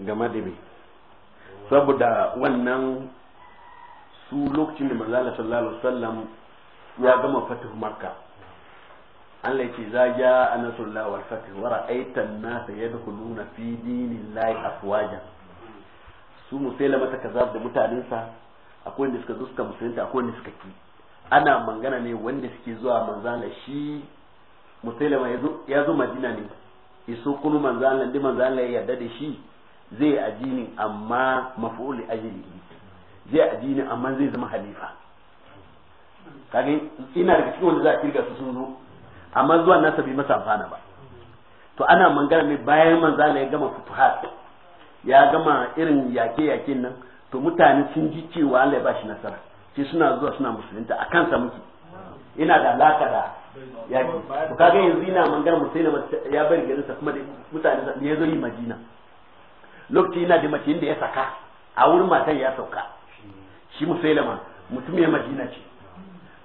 game da me saboda wannan su lokacin da manzala sallallahu sallam ya gama fatih makka Allah yake za ja anasullahu wal fatih wa ra'aita an-nasa yadkhuluna fi dinillahi afwaja su musailama ta kazar da mutanensa akwai wanda suka zo suka musulunta akwai wanda suka ki ana mangana ne wanda suke zuwa manzala shi musailama ya zo madina ne iso kunu manzala Ndi manzala ya yarda da shi zai ajinin amma maf'ul ajlihi zai ajinin amma zai zama halifa kage ina daga cikin wanda za a kirga su sun zo amma zuwa nasa bai masa amfana ba to ana mangana ne bayan manzala ya gama futuhat ya gama irin yake yakin nan to mutane sun ji cewa Allah ya bashi nasara sai suna zuwa suna musulunta a kansa muke ina da alaka da yaki to kaga yanzu ina mangana musulunta ya bari garinsa kuma da mutane ya zo yi madina lokaci yana da mace da ya saka a wurin matan ya sauka shi musailama mutum ya madina ce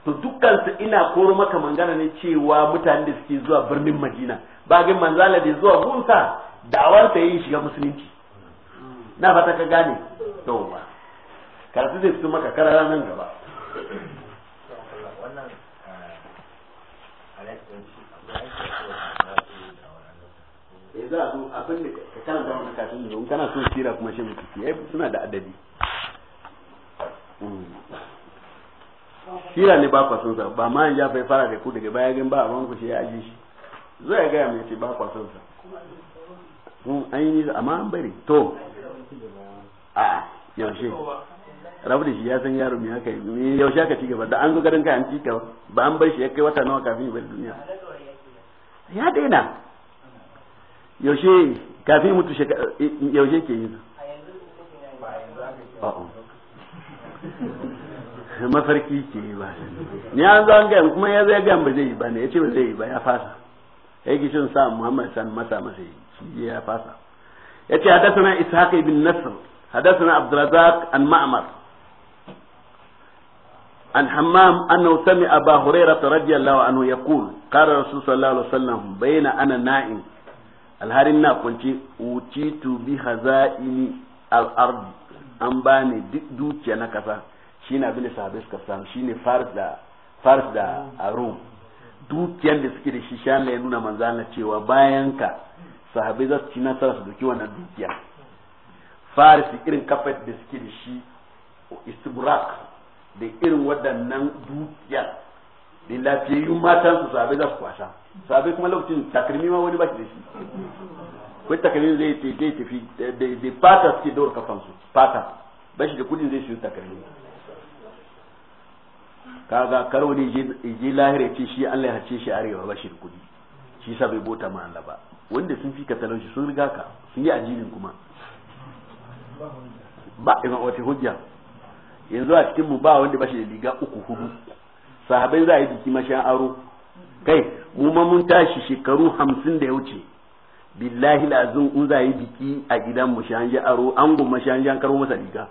to su ina koro maka mangana ne cewa mutanen da suke zuwa birnin madina ba ga manzala da zuwa gunsa da'awarsa ya yi shiga musulunci na fata ka gane to ba karatu zai fito maka karara nan gaba eh, ya za a zo abin da ka kana zama na kafin da kana sira kuma shi mutuki ya suna da adadi hmm. sira ne ba kwason sa ba ma ya fai fara da ku daga baya gan ba abin ku shi ya aji shi zo ya gaya mai ce ba kwason sa hmm, an yi nisa amma an bari to a yaushe rabu da shi ya san yaro mai haka yi yaushe aka ci gaba da an zo garin kayan an ba an bar shi ya kai wata nawa kafin ya bari duniya ya daina yaushe kafin mutu shekara yaushe ke yin mafarki ke yi ba ni an zo an gaya kuma ya zai gaya ba zai yi ba ne ya ce ba zai yi ba ya fasa ya yi gishin sa muhammad san masa masa yi ya fasa ya ce hadasana ishaq ibn nasr na abdurazzaq an ma'mar an hammam anna sami aba hurairah radiyallahu anhu yaqul qala rasulullah sallallahu alaihi wasallam bayna ana na'in. alharin na kunce utitu bi hazaini al-ard an bani dukiya na kasa shine abin da sahabai suka samu shine ne da faris da rom dukiyar da suke da shi sha mai nuna manzana cewa bayan ka sahabai za su ci nasara su doki wannan dukiya faris irin kafet da suke da shi istibrak da irin waɗannan dukiya da lafiyayyun su sahabai za su kwasa sabai kuma lokacin takalmi ma wani ba shi da shi kai takalmi zai ce zai tafi da fata suke dora kafan su fata ba shi da kudi zai shi takalmi kaga karo ne je lahira ce shi Allah ya hace shi arewa ba shi da kudi shi sa bai bota ma Allah ba wanda sun fi ka talauci sun riga ka sun yi ajibin kuma ba ina eh, wata hujja yanzu a cikin mu ba wanda ba shi da liga uku hudu sahabai za a yi biki mashan aro kai mu ma mun tashi shekaru hamsin da ya wuce billahi lazim in za yi biki a gidan mu shanje aro ango ma shanje an karo masa riga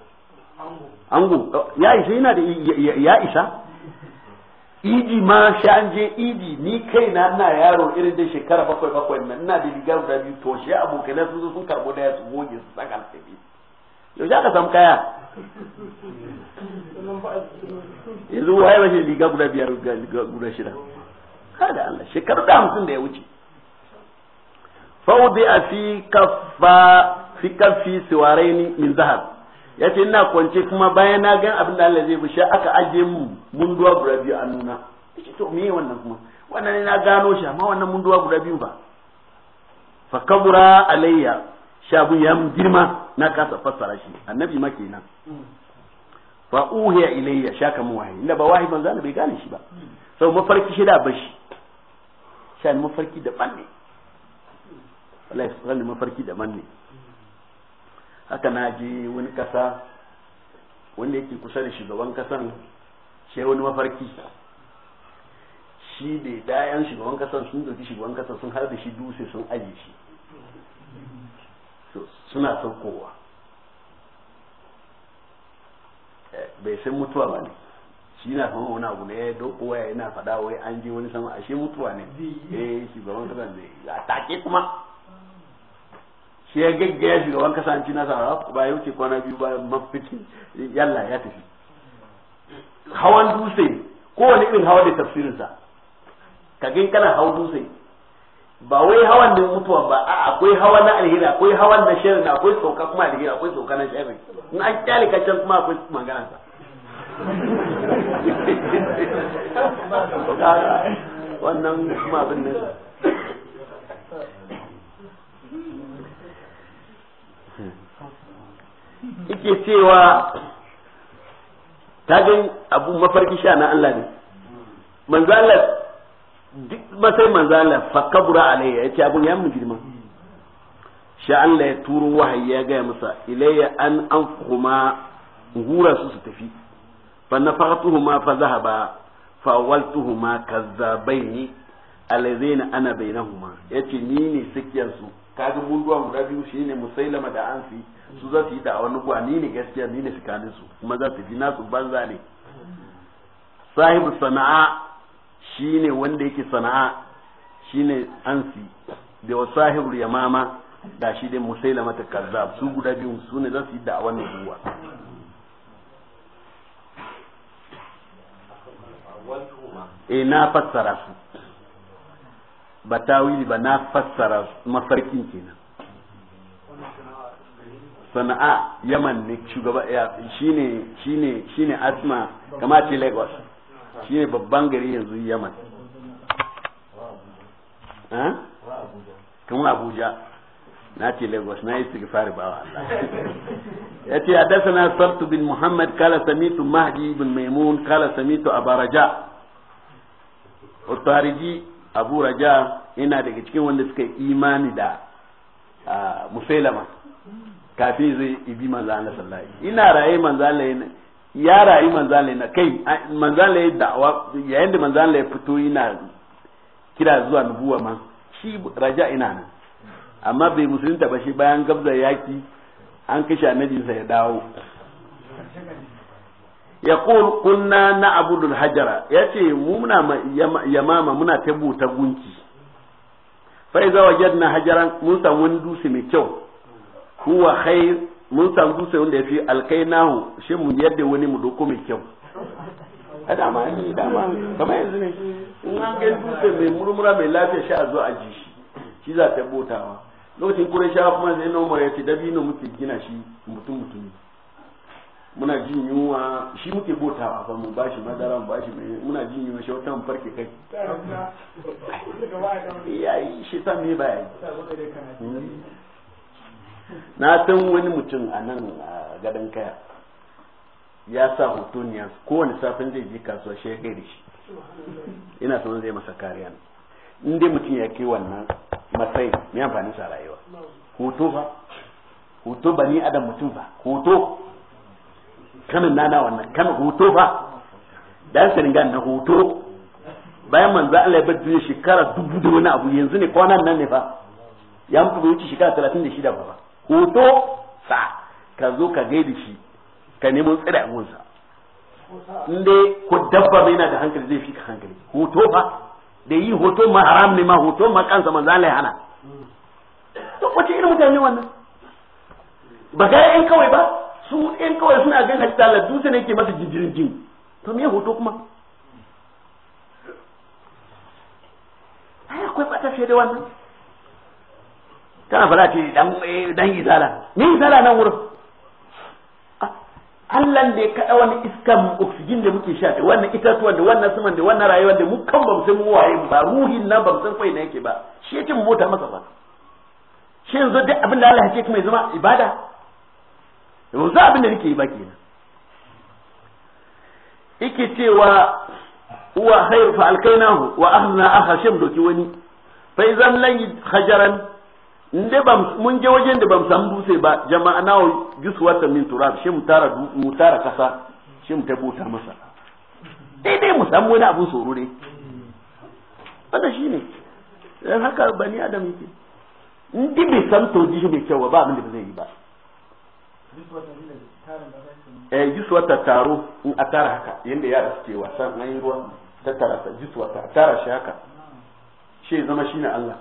ango ya isa yana da ya isa idi ma shanje idi ni kai na ina yaro irin da shekara bakwai bakwai nan ina da riga guda biyu to shi abokanai sun zo sun karbo daya su goge su saka bi yau za ka samu kaya yanzu waye rashin riga guda biyar guda shida kada Allah shekaru da hamsin da ya wuce faudi a fi fi kafi siwaraini min zahab ya ce ina kwance kuma bayan na gan abin da Allah zai bushe aka aje mu mun duwa guda biyu a nuna ce to me wannan kuma wannan ne na gano shi amma wannan mun duwa guda biyu ba fa kabura alayya shabu yam girma na kasa fassara shi annabi ma kenan fa uhiya ilayya shaka muwahi inda ba wahi manzo bai gane shi ba sau mafarki shi da bashi shan mafarki da manne wallahi shan mafarki da manne haka na je wani kasa wanda yake kusa da shugaban kasan shi wani mafarki shi da dayan shugaban kasan sun doki shugaban kasan sun har da shi dutse sun aje shi suna saukowa eh, bai san mutuwa ba ne shi na kama wani abu ne don doko waya na faɗa wai an je wani sama ashe mutuwa ne eh shugaban wani ne a take kuma shi ya gaggaya wani kasa an ci nasara ba ya wuce kwana biyu ba mafici yalla ya tafi hawan dutse kowane irin hawa da tafsirinsa ka gin kana hawan dutse ba wai hawan ne mutuwa ba a akwai hawan na alheri akwai hawan na shirin akwai sauka kuma alheri akwai sauka na shirin in an kyale kacan can kuma akwai magana sa wannan kuma abin nan yake cewa ta gan abu mafarki sha na Allah ne manzala duk masai manzala fa kabura alayya ce abin ya mu girma sha Allah ya turo wahayi ya gaya masa ilayya an an kuma hura su su tafi فنفرتهما فذهبا فأولتهما كذابين الذين أنا بينهما يتي نيني سكيانسو kaga mun zuwa guda biyu shi ne musailama da ansi su za su yi da'awar nubuwa ni ne gaskiya ni ne tsakanin kuma za su ji nasu banza ne sahibu sana'a shi ne wanda yake sana'a shi ne ansi da wa sahibu yamama da shi dai musailama ta kazzab su guda biyu su ne za su yi da'awar nubuwa eh na fassara su ba tawili ba na fassara mafarkin kenan sana'a yaman ne shugaba ya shine shine shine asma kama ce lagos shine babban gari yanzu yaman kamar abuja na ce lagos na yi istighfar bawa Allah ya ce a dasa na Sartu bin muhammad kala samitu mahdi bin maimun kala samitu abaraja utariji abu raja ina daga cikin wanda suka imani da musailama kafin zai ibi manzo Allah sallallahu alaihi ina raye manzo Allah ya rayu manzo Allah na kai manzo Allah ya da'awa yayin da manzo Allah ya fito yana kira zuwa nubuwa ma shi raja ina nan amma bai musulunta ba shi bayan gabza yaki an kashe annabinsa ya dawo ya kunna na abudul hajara ya ce mu muna yamama muna tabu ta gunki fai za na hajaran mun san wani dutse mai kyau huwa khair mun san dutse wanda ya fi alkai nahu shi mun yadda wani mu doko mai kyau a dama ne dama kamar yanzu ne in an kai dutse mai murmura mai lafiya shi a zo a ji shi shi za ta botawa lokacin kure sha kuma zai na umar ya ce na muke gina shi mutum mutumi muna jin yunwa shi muke botawa ba mu bashi madara mu shi mai muna jin yunwa shi wata mu farke kai yi shi ta me baya na san wani mutum a nan a gadon kaya ya sa hoton ya kowane safin zai je kasuwa shi ya kai da shi ina son zai masa kariya in dai mutum ya ke wannan matsayin mai amfani sa rayuwa hoto ba hoto ba ni adam mutum ba hoto kanin nana wannan kan hoto ba dan sanin na hoto bayan manzo Allah ya bar shekara dubu da wani abu yanzu ne kwanan nan ne fa ya mutu bai wuce shekara 36 ba ba hoto sa ka zo ka gaida shi ka nemo tsira a gunsa in dai ko dabba mai na da hankali zai fi ka hankali hoto fa da yi hoto ma haram ne ma hoto ma kansa manzo Allah ya hana to wace irin mutane wannan ba ga yan kawai ba su yan kawai suna gan hadisi Allah dutse ne yake masa jinjirin jin to me hoto kuma ai akwai bata shi da wannan kana fara ce dan eh, dan izala ni izala nan wurin Allah da ya kaɗa wani iskan oxygen da muke sha da wannan itatuwan da wannan saman da wannan rayuwar da mu kan ba mu san mu waye ba ruhin nan ba mu san kai ne yake ba shi yake mu mota masa ba shi yanzu duk abin da Allah ya ce kuma ya zama ibada yanzu abin da nake yi ba kenan yake cewa huwa khairu fa alkainahu wa ahna akha shamdoki wani fa idan lan hajaran inda ba mun je wajen da bam san dutse ba jama'a gisu wata min turab shi mu tara mu tara kasa shi mu ta buta masa daidai mu samu wani abun tsoro ne wannan shine dan haka bani adam yake in dai bai san shi bai kyau ba abin da zai yi ba eh wata taro in a tara haka yanda yara suke wasan an yi ruwa ta tara ta jusuwata a tara shi haka shi zama shine Allah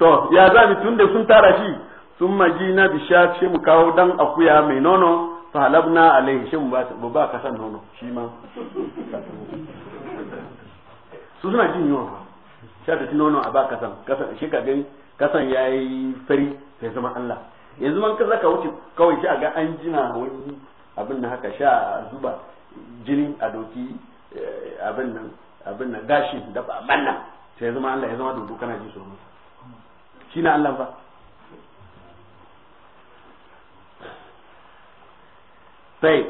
to ya zabi tun da sun tara shi sun maji na bisha ce mu kawo dan akuya mai nono fa halabna alaihi shi mu ba ka san nono shi ma su suna jin yawa sha ta nono a ba kasan kasan shi ka gani kasan yayi fari sai zama Allah yanzu man ka zaka wuce kawai shi a ga an jina wani abin da haka sha zuba jini a doki eh, abin nan abin nan gashi da ba nan sai ya zama Allah ya zama dodo kana ji tsoro shi na Allah ba sai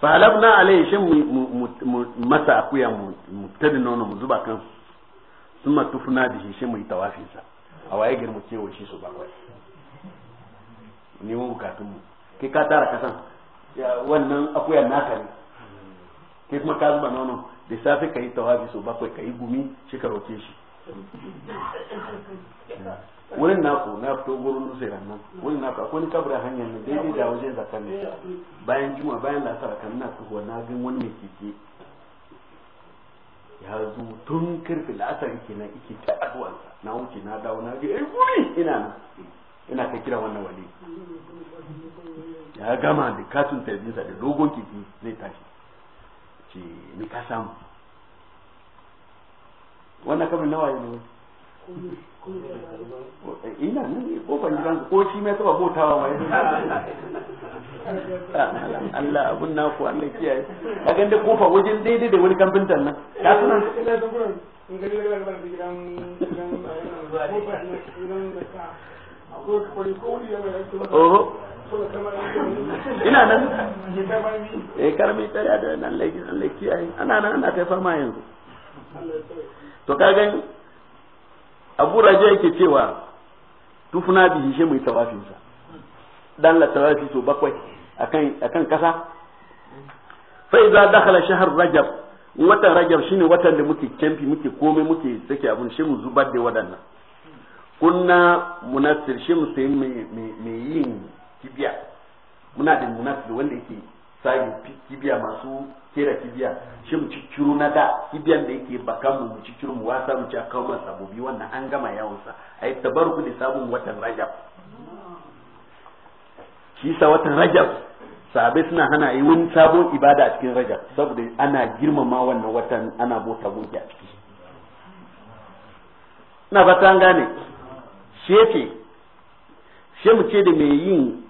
falabna alai shin masa akuya mu tada nono mu zuba kan sun matufna da shi shin mu yi tawafinsa a waye girma cewa shi su ba wai neman bukatunmu kai ka tara kasan wannan akuyan naka ne kai kuma ka zuba nono da safe ka yi tawafi so bakwai ka yi gumi shi ka roke shi wurin naku na fito nusa iran nan wurin naku akwai kabra hanyar ne daidai da waje zakar ne bayan juma bayan lasara kan na tuhuwa na gan wani mai keke ya zo tun karfe la'asar ke nan ike ta aduwansa na wuce na dawo na ga ai eh, wuri ina nan ina ta kira wannan wali ya gama da katin tarbiyya da dogon keke zai tashi ce ni ka samu wannan kamar nawa ne ina ne ko ban jiran ko shi mai taba botawa mai Allah abun ku Allah kiyaye da kofa wajen daidai da wani kamfintan nan ka sunan ina nan eh karmi tare da nan laiki nan laiki ai ana nan ana kai farma yanzu to ka gani abu raja yake cewa tufuna bihi shi mai tawafin sa dan la tawafi to bakwai akan akan kasa fa idza dakhala shahr rajab watan rajab shine watan da muke kempi muke komai muke take abun shi mu zubar da wadannan kunna munasir shi mu sai mai yin kibiya muna da munafil wanda yake sai kibiya masu kera kibiya shi mu cicciro na da kibiyan da yake bakan mu cicciro mu wasa mu ci kawo masa sabobi wannan an gama yawon sa ai tabarku da sabon watan rajab kisa watan rajab sabe suna hana yi wani sabon ibada a cikin rajab saboda ana girmama wannan watan ana bota gunki a ciki ina fata an gane shefe she mu ce da mai yin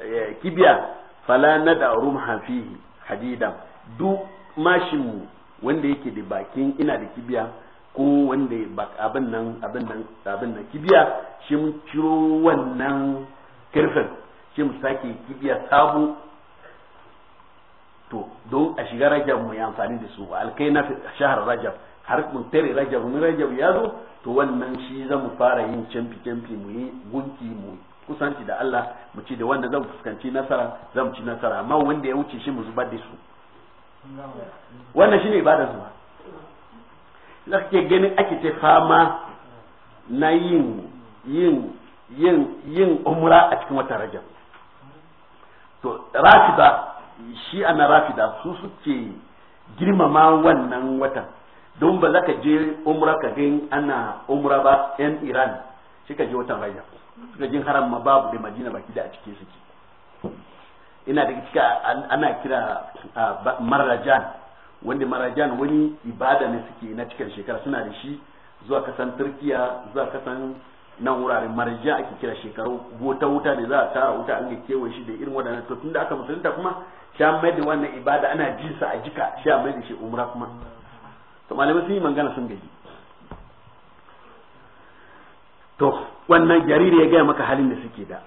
Eh, kibiya fala na da rumha fihi hadidan duk mu wanda yake da bakin ina da kibiya ko wanda abin nan abin nan abin nan kibiya shi mu ciro wannan kirfin shi mu sake kibiya sabo to don a shiga rajab mu yi amfani da su ba alkai na shahar rajab har mun tare rajab mun rajab ya zo to wannan shi zamu fara yin camfi camfi mu yi gunki mu kusanci da Allah mu ce da wanda zan fuskanci nasara zan ci nasara amma wanda ya wuce shi mu zubar da su wannan shine ibada zuwa da kake ganin ake ce fama na yin yin yin yin umra a cikin watan rajab to rafida shi ana rafida su suke girmama wannan watan don ba za ka je umra ka gani ana umra ba yan iran shi ka je watan rajab suka jin haram ma babu da madina baki da a cike suke ina daga cika ana kira marajan wanda marajan wani ibada ne suke na cikin shekara suna da shi zuwa kasan turkiya zuwa kasan nan wuraren marajan ake kira shekaru wuta wuta ne za a tara wuta an ga kewaye shi da irin waɗannan to tunda aka musulunta kuma sha mai da wannan ibada ana jinsa a jika sha mai da shi umra kuma to malamai sun yi magana sun gaji to wannan jariri ya gaya maka halin da suke da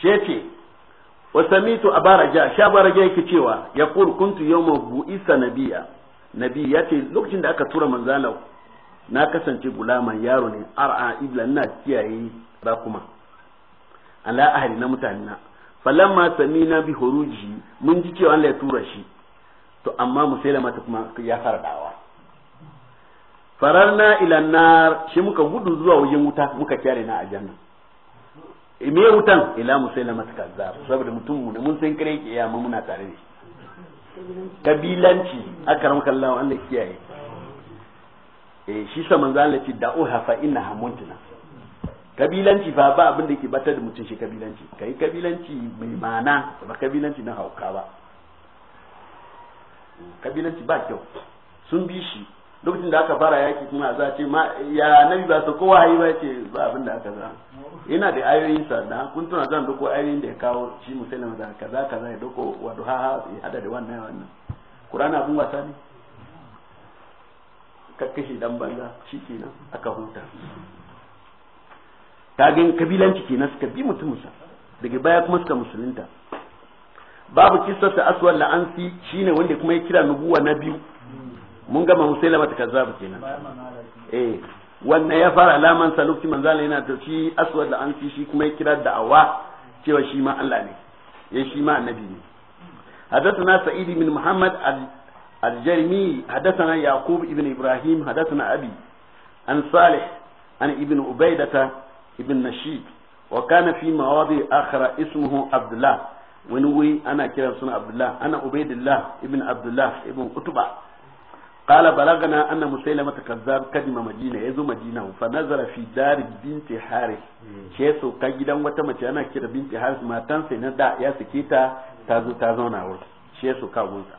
shi ce wa samitu abaraja sha baraja yake cewa ya qul kuntu yawma bu'isa nabiyya nabi ce lokacin da aka tura manzala na kasance gulaman yaro ne ar'a ibla na kiyaye kuma ala ahli na mutane na falamma samina bi huruji mun ji cewa Allah ya tura shi to amma musailama ta kuma ya fara dawa fararna ila nar shi muka gudu zuwa wajen wuta muka kyare na aljanna me wutan ila musailama kazzab saboda mutum mu mun san kare ki ya muna tare da shi kabilanci akaram kallahu Allah kiyaye eh shi sa manzo Allah ce da'uha fa inna hamuntuna kabilanci fa ba abin da ke batar da mutum shi kabilanci kai kabilanci mai mana ba kabilanci na hauka ba kabilanci ba kyau sun bi shi lokacin da aka fara yaki kuma za a ce ma ya nabi ba su kowa yi ba ce ba abin da aka zama yana da ayoyin sa da kun tuna zan doko ayoyin da ya kawo shi musulmi da kaza kaza ya doko wa ha ya hada da wannan wannan qur'ani abun wasa ne ka kashe dan banza kenan aka huta ta ga kabilanci kenan suka bi mutumunsa daga baya kuma suka musulunta babu kissa ta aswal la'ansi shine wanda kuma ya kira nubuwa na biyu mun gama husaila mata kazzabu kenan eh wanne ya fara alaman saluki manzala yana ta shi aswad da an ci shi kuma ya kira da awa cewa shi ma Allah ne ya shi ma annabi ne hadathana sa'idi min muhammad al-jarmi hadathana yaqub ibn ibrahim hadathana abi an salih an ibn ubaidata ibn nashid wa kana fi mawadi akhra ismuhu abdullah wani wuri ana kiran suna abdullah ana ubaidillah ibn abdullah ibn utba قال بلغنا أن مسيلمة كذاب قدم مدينة يزو مدينة فنظر في دار بنت حارث شيسو قيدا وتمتي أنا كير بنت حارث ما تنسي ندع يا سكيتا تازو تازونا أول شيسو كاونسا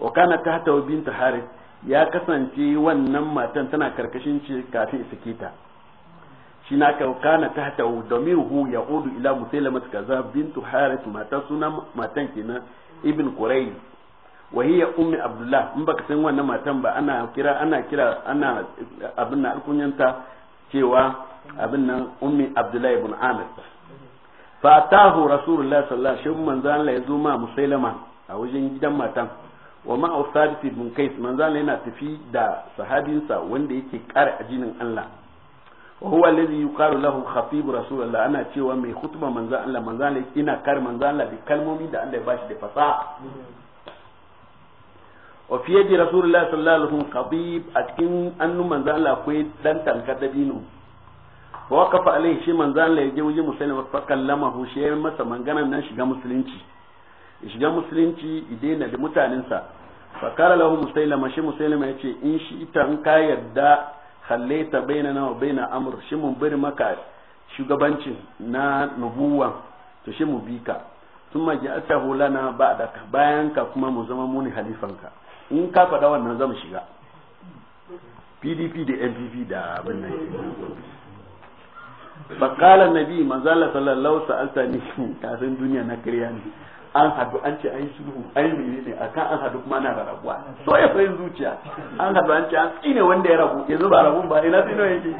وكان تحت بنت حارث يا كسان wannan matan tana karkashin ce kafin sake ta شناك وكان تحت ta هو domin إلى ya كذاب بنت musailama ما bintu ما mata ابن قريب wahiya ummi abdullah in baka san wannan matan ba ana kira ana kira ana abin nan alkunyanta cewa abin nan ummi abdullah ibn amir fa tahu rasulullah sallallahu alaihi wasallam manzo Allah ya zo ma musailama a wajen gidan matan wa ma ustadi ibn kais manzo Allah yana tafi da sahabinsa wanda yake kare ajinin Allah wa huwa alladhi yuqalu lahu khatib rasulullah ana cewa mai khutba manzo Allah manzo Allah yana kare manzo Allah da kalmomi da Allah ya bashi da fasaha wa fiye da rasulullah sallallahu alaihi wasallam a cikin annu manzo Allah akwai dan tanka dabino wa kafa alaihi shi manzo Allah ya je wajen musulmi fa lama hu shi masa manganan nan shiga musulunci shiga musulunci na da mutanensa fa kala lahu musailama shi musailama yace in shi ita in ka yarda khallaita bainana wa baina amr shi mun bari maka shugabancin na nubuwa to shi mu bika tun ma ji lana ba da bayan ka kuma mu zama muni halifanka in ka faɗa wannan zama shiga pdp da mpp da abin nan bakalan nabi manzala sallallahu alta ne kasan duniya na kariya ne an haɗu an ce ayi sulhu ayi mene ne kan an haɗu kuma ana rarrabuwa so ya fahim zuciya an haɗu an ce an tsine wanda ya rabu yanzu ba rabu ba ina tsino yake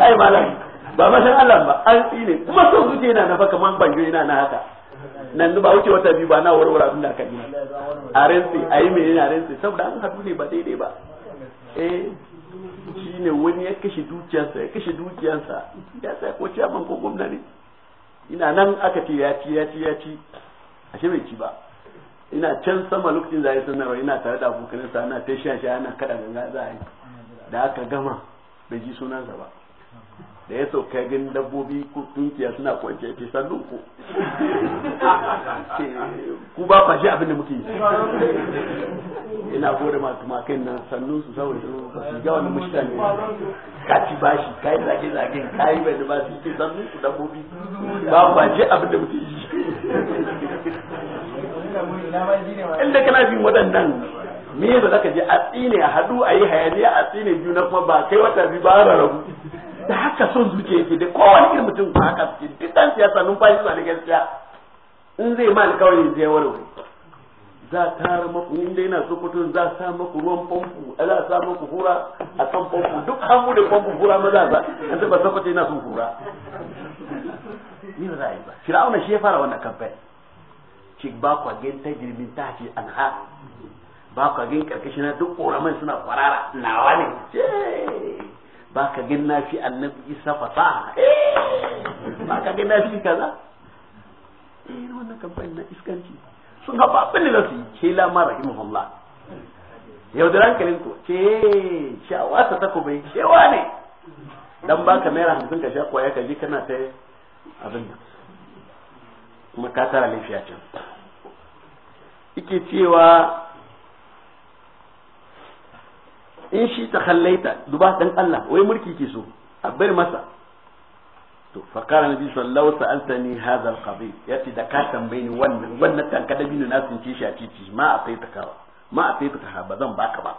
ai malam ba mashan Allah ba an tsine kuma so zuciya yana na fa kaman banjo yana na haka nan ba wuce wata biyu ba na warware abin da aka yi a rinsi a yi mai a rinsi saboda an haɗu ne ba daidai ba eh shi ne wani ya kashe dukiyarsa ya kashe dukiyarsa ya sa ko ciyaman ko gwamna ne ina nan aka ce ya ci ya ci ya ci ashe bai ci ba ina can sama lokacin zai nawa ina tare da abokanansa ana ta shan ana kada ganga za a yi da aka gama bai ji sunansa ba da ya sauka gani dabbobi tunkiya suna kwance ya ce sallun ku *laughs* ku ba kwashe abin da muke yi ina gode ma tumakai nan sannun su saboda su ba su ga wani mushta ne ka ci bashi ka yi zage zage ka yi bai da ba su ce sannun ku dabbobi ba kwashe abin da muke yi inda kana bin waɗannan me ba za ka je a tsine a haɗu a yi hayaniya a tsine biyu na kuma ba kai wata biyu ba rabu da haka son zuciya yake da kowane irin mutum ba haka suke duk dan siyasa numfashi ba da gaskiya in zai ma alƙawari zai warware za a tara maku in dai na so kutun za a sa maku ruwan famfo za a sa maku hura a kan famfo duk an bude famfo hura maza ba an ba san kwace na son hura ni ba ba fir'auna shi ya fara wannan kamfani ci ba kwa gen ce an ha ba kwa gen karkashin duk koraman suna kwarara nawa ne ba ka gina na fi annabi isa fasaha eh! ba ka gina na fi kaza eh wannan kamfani na iskanci sun haɓa abin da su yi ke ma rahimahullah yau da rankalin ko, ce shawa ta takobai shewa ne dan ba ka naira hamsin ka sha kwaya ka je kana ta abin nan kuma ka tara can ike cewa in shi ta hallaita duba dan Allah wai mulki ke so a bar masa to fa kana nabi sallallahu alaihi wasallam sa'altani hadha al-qabir da ka tambaye ni wannan wannan tanka da na sun ce shi a titi ma a sai ta kawa ma a sai ta kawa ba zan baka ba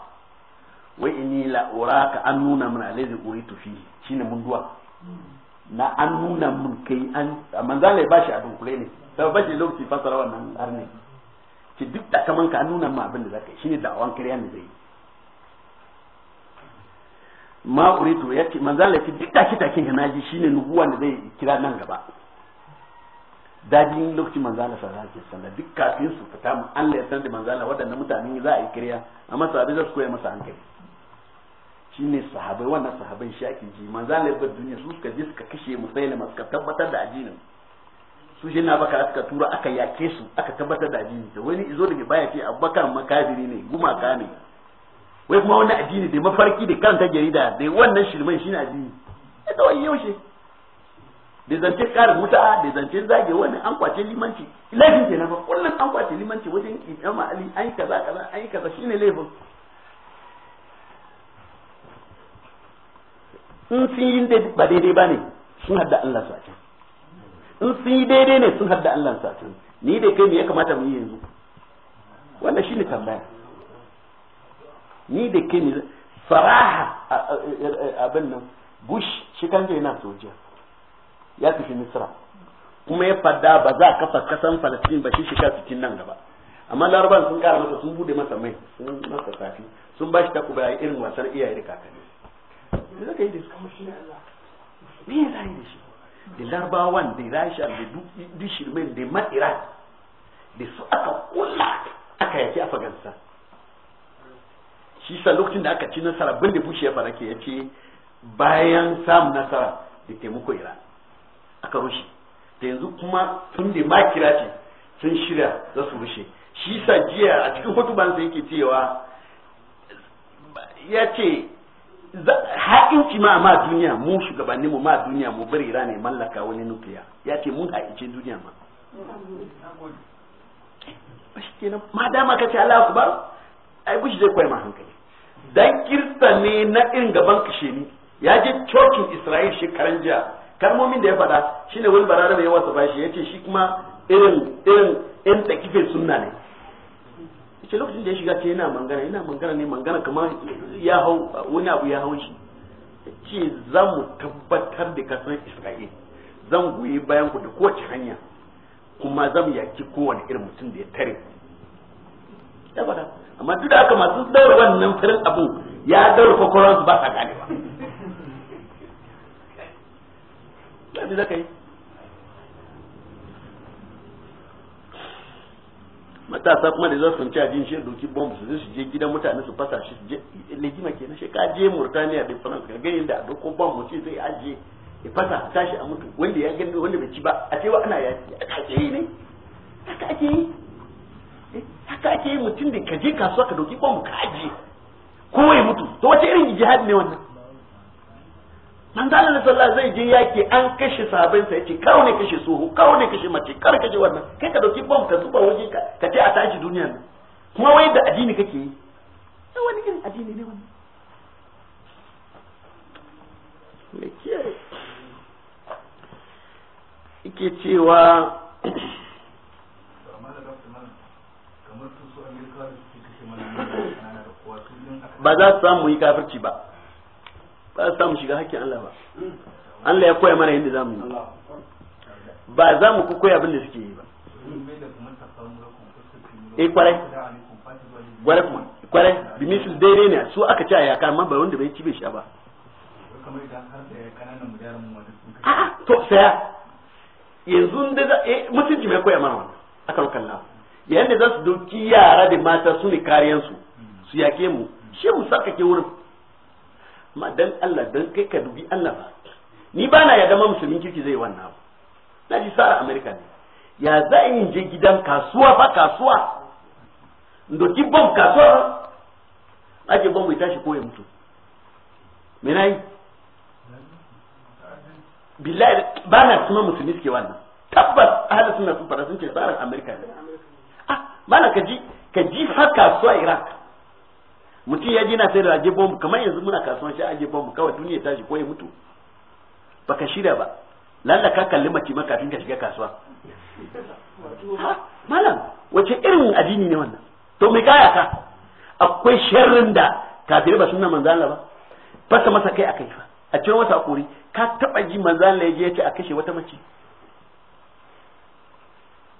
wai inni la uraka an nuna min alaihi uritu fi shine mun duwa na an nuna mun kai an manzalai bashi a dunkule ne sai bashi lokaci fasara wannan arne ki duk da kaman ka an nuna min abin da zaka yi shine da'awan kariya ne zai yi ma uritu ya ce manzala ya ce duk take take ga naji shine nubuwa da zai kira nan gaba dadin lokacin Allah sallallahu alaihi wasallam duk kafin su fita mu Allah ya sanar da manzala wadannan mutane za a yi kiriya amma sahabbai za su koya masa hankali shine sahabbai wannan sahabban shi ake ji manzala ya bar duniya su suka je suka kashe musailama suka tabbatar da addinin su shi na baka aka tura aka yake su aka tabbatar da addini da wani izo da baya ce abubakar makafiri ne gumaka ne wai kuma wannan addini da mafarki da karanta jarida da wannan shirman shine addini ya tsawon yaushe da zance karin wuta da zance zage wannan an kwace limanci laifin kenan fa wannan an kwace limanci wajen imama ali an yi kaza kaza an yi kaza shine laifin in sun yi ba daidai ba ne sun hadda Allah su a can in sun yi daidai ne sun hadda Allah su a can ni da kai ne ya kamata mu yi yanzu wannan ne tambaya ni da ke ne faraha abin nan bush shi kan yana sojiya ya tafi misra kuma ya fada ba za a kafa kasan falastin ba shi shiga cikin nan gaba amma laraban sun kara masa sun bude masa mai sun masa safi sun ba shi takuba a irin wasar iyaye da kakanni da zaka yi da su me ya zai da shi da larabawan da rasha da duk da ma'iran da su aka kula aka yaki afganistan shi sa lokacin da aka ci nasara bin da bushe ya farake ya ce bayan samu nasara da taimako iran aka rushe da yanzu kuma tun da makira ce sun shirya za su rushe shi sa jiya a cikin sai yake cewa ya ce ha'inci ma ma duniya mu shugabanni mu ma duniya mu bari iran ne mallaka wani nukiliya ya ce mun ha'ince duniya ma shi ma dama ka ce Allah ba ai bushi zai koyi ma hankali dan kirista ne na irin gaban kashe ni ya je cocin isra'il shekaran jiya kalmomin da ya faɗa shine wani barara mai yawan bashi ya ce shi kuma irin irin yan takifin sunna ne ce lokacin da ya shiga ce yana mangana yana mangana ne mangana kamar ya hau wani abu ya hau shi ce za mu tabbatar da kasar isra'il zan goyi bayan ku da kowace hanya kuma zan yaki kowane irin mutum da ya tare ya faɗa amma duk da aka masu daura wannan farin abu ya daura kwakwaron su ba sa gane ba yanzu zaka yi matasa kuma da za su ci ajin shi doki bomb su su je gidan mutane su fasa shi je legima ke na ka je Murtaniya da France ka gani da doko bomb mutum zai aje ya fasa tashi a mutu wanda ya gani wanda bai ci ba a cewa ana yaki a kake yi ne a kake yi haka ake yi mutum da kaje kasuwa ka dauki bom ka ajiye ko ya mutu to wace irin jihad ne wannan manzo Allah sallallahu zai je yaki an kashe sahabin sa yace kawo ne kashe suhu kawo ne kashe mace kar kashe wannan kai ka dauki bom ka zuba waje ka ka je a tashi duniya nan kuma wai da addini kake yi wani irin addini ne wannan me kiyaye yake cewa ba za su samu yi kafirci ba ba za su samu shiga hakkin Allah ba Allah ya koya mana yadda za mu yi ba za mu ku koya abin da suke yi ba eh kwarai kwarai kuma kwarai bi misul daidai ne su aka ci a yaka amma ba wanda bai ci bai sha ba a'a to saya yanzu da za eh mutunci mai koya mana wannan akan kallon yayin da za su dauki yara da mata su ne kariyansu su yake mu shi mu saka wurin ma dan Allah dan kai ka dubi Allah ba ni ba na yadda musulmin kirki zai wannan abu na ji sara Amerika ne ya za in je gidan kasuwa fa kasuwa ki bom kasuwa ake bom ya tashi ko ya mutu me na yi billahi ba na kuma musulmi suke wannan tabbas ahalin suna sun fara sun ce tsarin amerika ne ah mana ka ji ka ji fa kasuwa iraq mutum ya gina sai da aje bomb kamar yanzu muna kasuwan shi aje bomb kawai duniya ta shi ko ya mutu baka shirya ba lalla ka kalli mace ma kafin ka shiga kasuwa malam wace irin addini ne wannan to me kaya ka akwai sharrin da kafire ba sunna manzo Allah ba fasa masa kai akai fa a cikin wata akuri ka taba ji manzo Allah ya je ya ce a kashe wata mace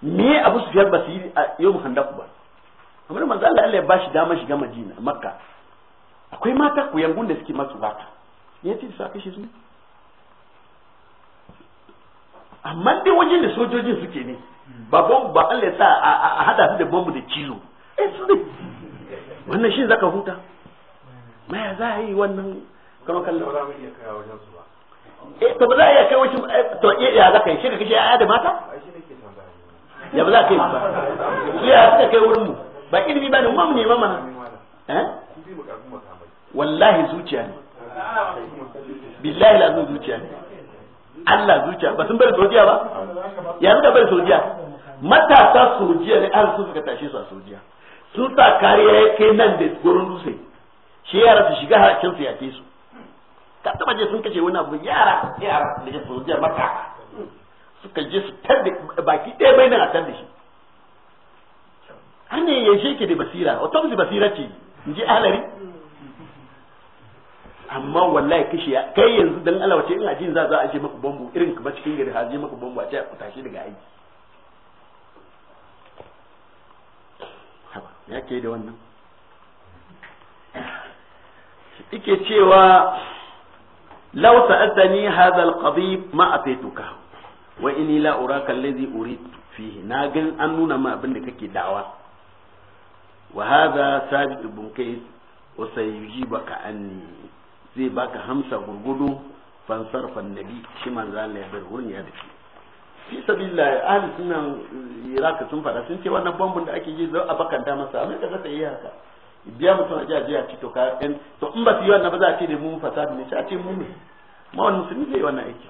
me abu su ba su yi yau handaku ba kamar manzo Allah Allah ya bashi dama shiga Madina Makka akwai mata ku yangun da suke masu waka ne ce su kashe su amma dai wajen da sojojin suke ne ba bomb ba Allah ya sa a hada su da bomb da kilo eh su ne wannan shin zaka huta maya za a yi wannan kano kallon ba za mu iya kai wajen su ba eh to ba za a iya kai wajen eh, to eh, ya za ka yi shi ka kashe aya da mata ya ba za ka yi ba ya ka kai wurin mu ba ilimi ba ne kuma mu nema mana eh? wallahi zuciya ne billahi lazim zuciya ne Allah zuciya ba sun bari sojiya ba ya da bari sojiya matasa sojiya ne an sun suka tashe su a sojiya sun sa kariya ya kai nan da gurin dutse shi yara su shiga haracin su ce su ka taba je sun kashe wani abu yara yara da sojiya maka suka je su tar da baki ɗaya bai nan a tar da shi har ne yashe ke da basira wata musu basira ce in ji alari amma wallahi kashe kai yanzu dan Allah wace in ajin za za a je maka bambu irin ka ba cikin gari haje maka bambu a ce ku tashi daga aiki haba ya ke da wannan ike cewa law sa'atani hadha alqadib ma atituka wa inni la uraka alladhi uridtu fihi na gan an nuna ma abin da kake dawa wa hadha sabit ibn qais wa sayujibaka anni zai baka hamsa gurgudu fansar fannabi shi manzo Allah ya bar wurin ya dace fi sabilillah ahli sunan iraq sun fara, sun ce wannan bambun da ake yi zai a bakanta masa amma kaga sai yi haka biya mutum a jiya a to ka yan to in ba su yi wannan ba za a ce da mu fasadi ne a ce mu ne ma wannan musulmi yi wannan aiki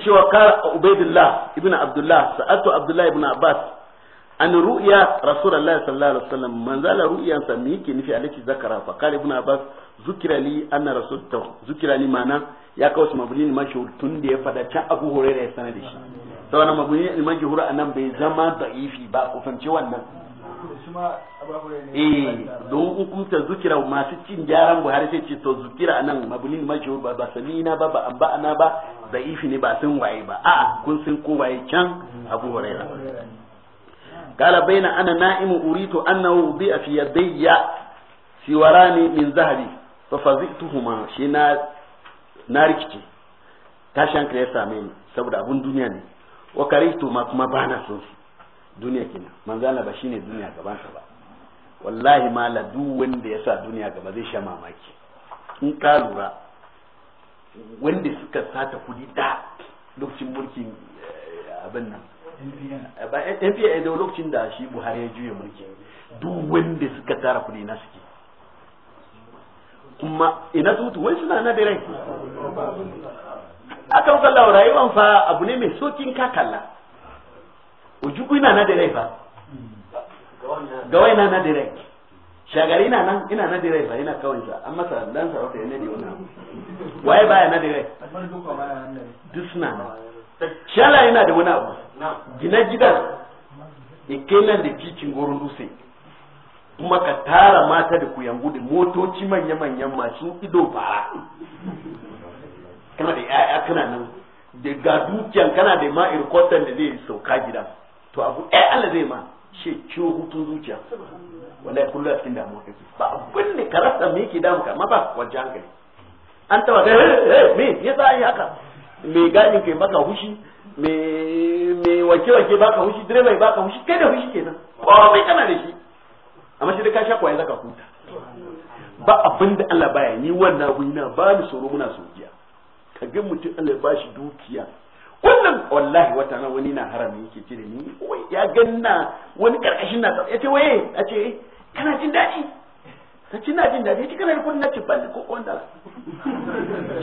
yake wa kara ubaidullah ibnu abdullah sa'atu abdullah ibnu abbas an ru'ya rasulullahi sallallahu alaihi wasallam manzala ru'yansa me yake nufi alati zakara fa qala ibn abbas zukira li anna rasul zukira li mana ya kawo su ne mashhur tun da ya fada can abu hurairah ya sanar da shi to wannan mabulin mashhur anan bai zama da'ifi ba ku fahimci wannan eh don ta zukira masu cin gyaran buhari sai ce to zukira anan mabulin mashhur ba ba samina ba ba amba'ana ba da'ifi ne ba sun waye ba a'a kun sun ko waye can abu hurairah قال بين أنا نائم أريد أنه وضع في يدي سواران من ذهب ففزئتهما شنا ناركتي tashin ka ya same ni saboda abin duniya ne wa karihtu ma kuma ba na duniya kenan manzo ba shine duniya gaban ba wallahi mala la duk wanda ya sa duniya gaba zai sha mamaki in ka lura wanda suka sata kudi da lokacin mulkin abin nan NPN eh, eh, eh, da lokacin da shi Buhari ya juya mulki duk wanda suka tara kuɗi na suke kuma ina su mutu wai suna na da rai akan kalla rayuwan fa abu ne mai sokin ka kalla ujugu ina na da rai fa gawai na na da rai shagari ina nan ina na da rai fa ina kawai sa an masa dan sarauta ya ne da wannan waye baya na da rai duk suna shala yana da wani abu gina gidan ikenan da kicin gorin dutse kuma ka tara mata da kuyangu da motoci manya-manyan masu ido fara kana da ya'ya kana nan da ga dukiyan kana da ma irkotan da zai sauka gidan to abu ɗaya Allah zai ma shi ciwo hutun zuciya wallahi kullum a cikin damuwa kake ba abin da ka rasa me yake damu ka ma ba wajen hankali an taba eh, eh, me yasa yi haka mai gadin kai baka hushi mai wake-wake baka hushi direba ya baka hushi kai da hushi kenan komai kana da shi amma shi da ka sha kwaye zaka huta ba abin da Allah baya ni wannan abu ba ni tsoro muna sojiya ka ga mutum Allah ba shi dukiya wannan wallahi wata na wani na harami yake ce ni ya ganna wani karkashin na ya ce waye a ce eh, kana jin daɗi ta ci na jin daɗi cikin harkun na ci balli ko wanda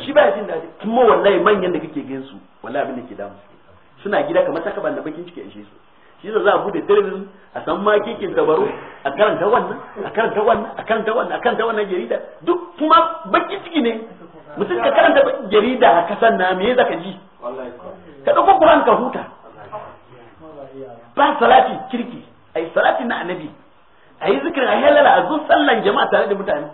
shi ba ya jin daɗi kuma wallahi manyan da kake gan wallahi abin da ke damu suna gida kamar ta kaban da bakin ciki ishe su shi yasa za a bude television a san ma kekin dabaru a karanta wannan a karanta wannan a karanta wannan a karanta wannan jarida duk kuma bakin ciki ne mutum ka karanta jarida a kasan na me zaka ji ka dauko Qur'an ka huta ba salati kirki ai salati na annabi a yi zikirin a halala a zo sallan jama'a tare da mutane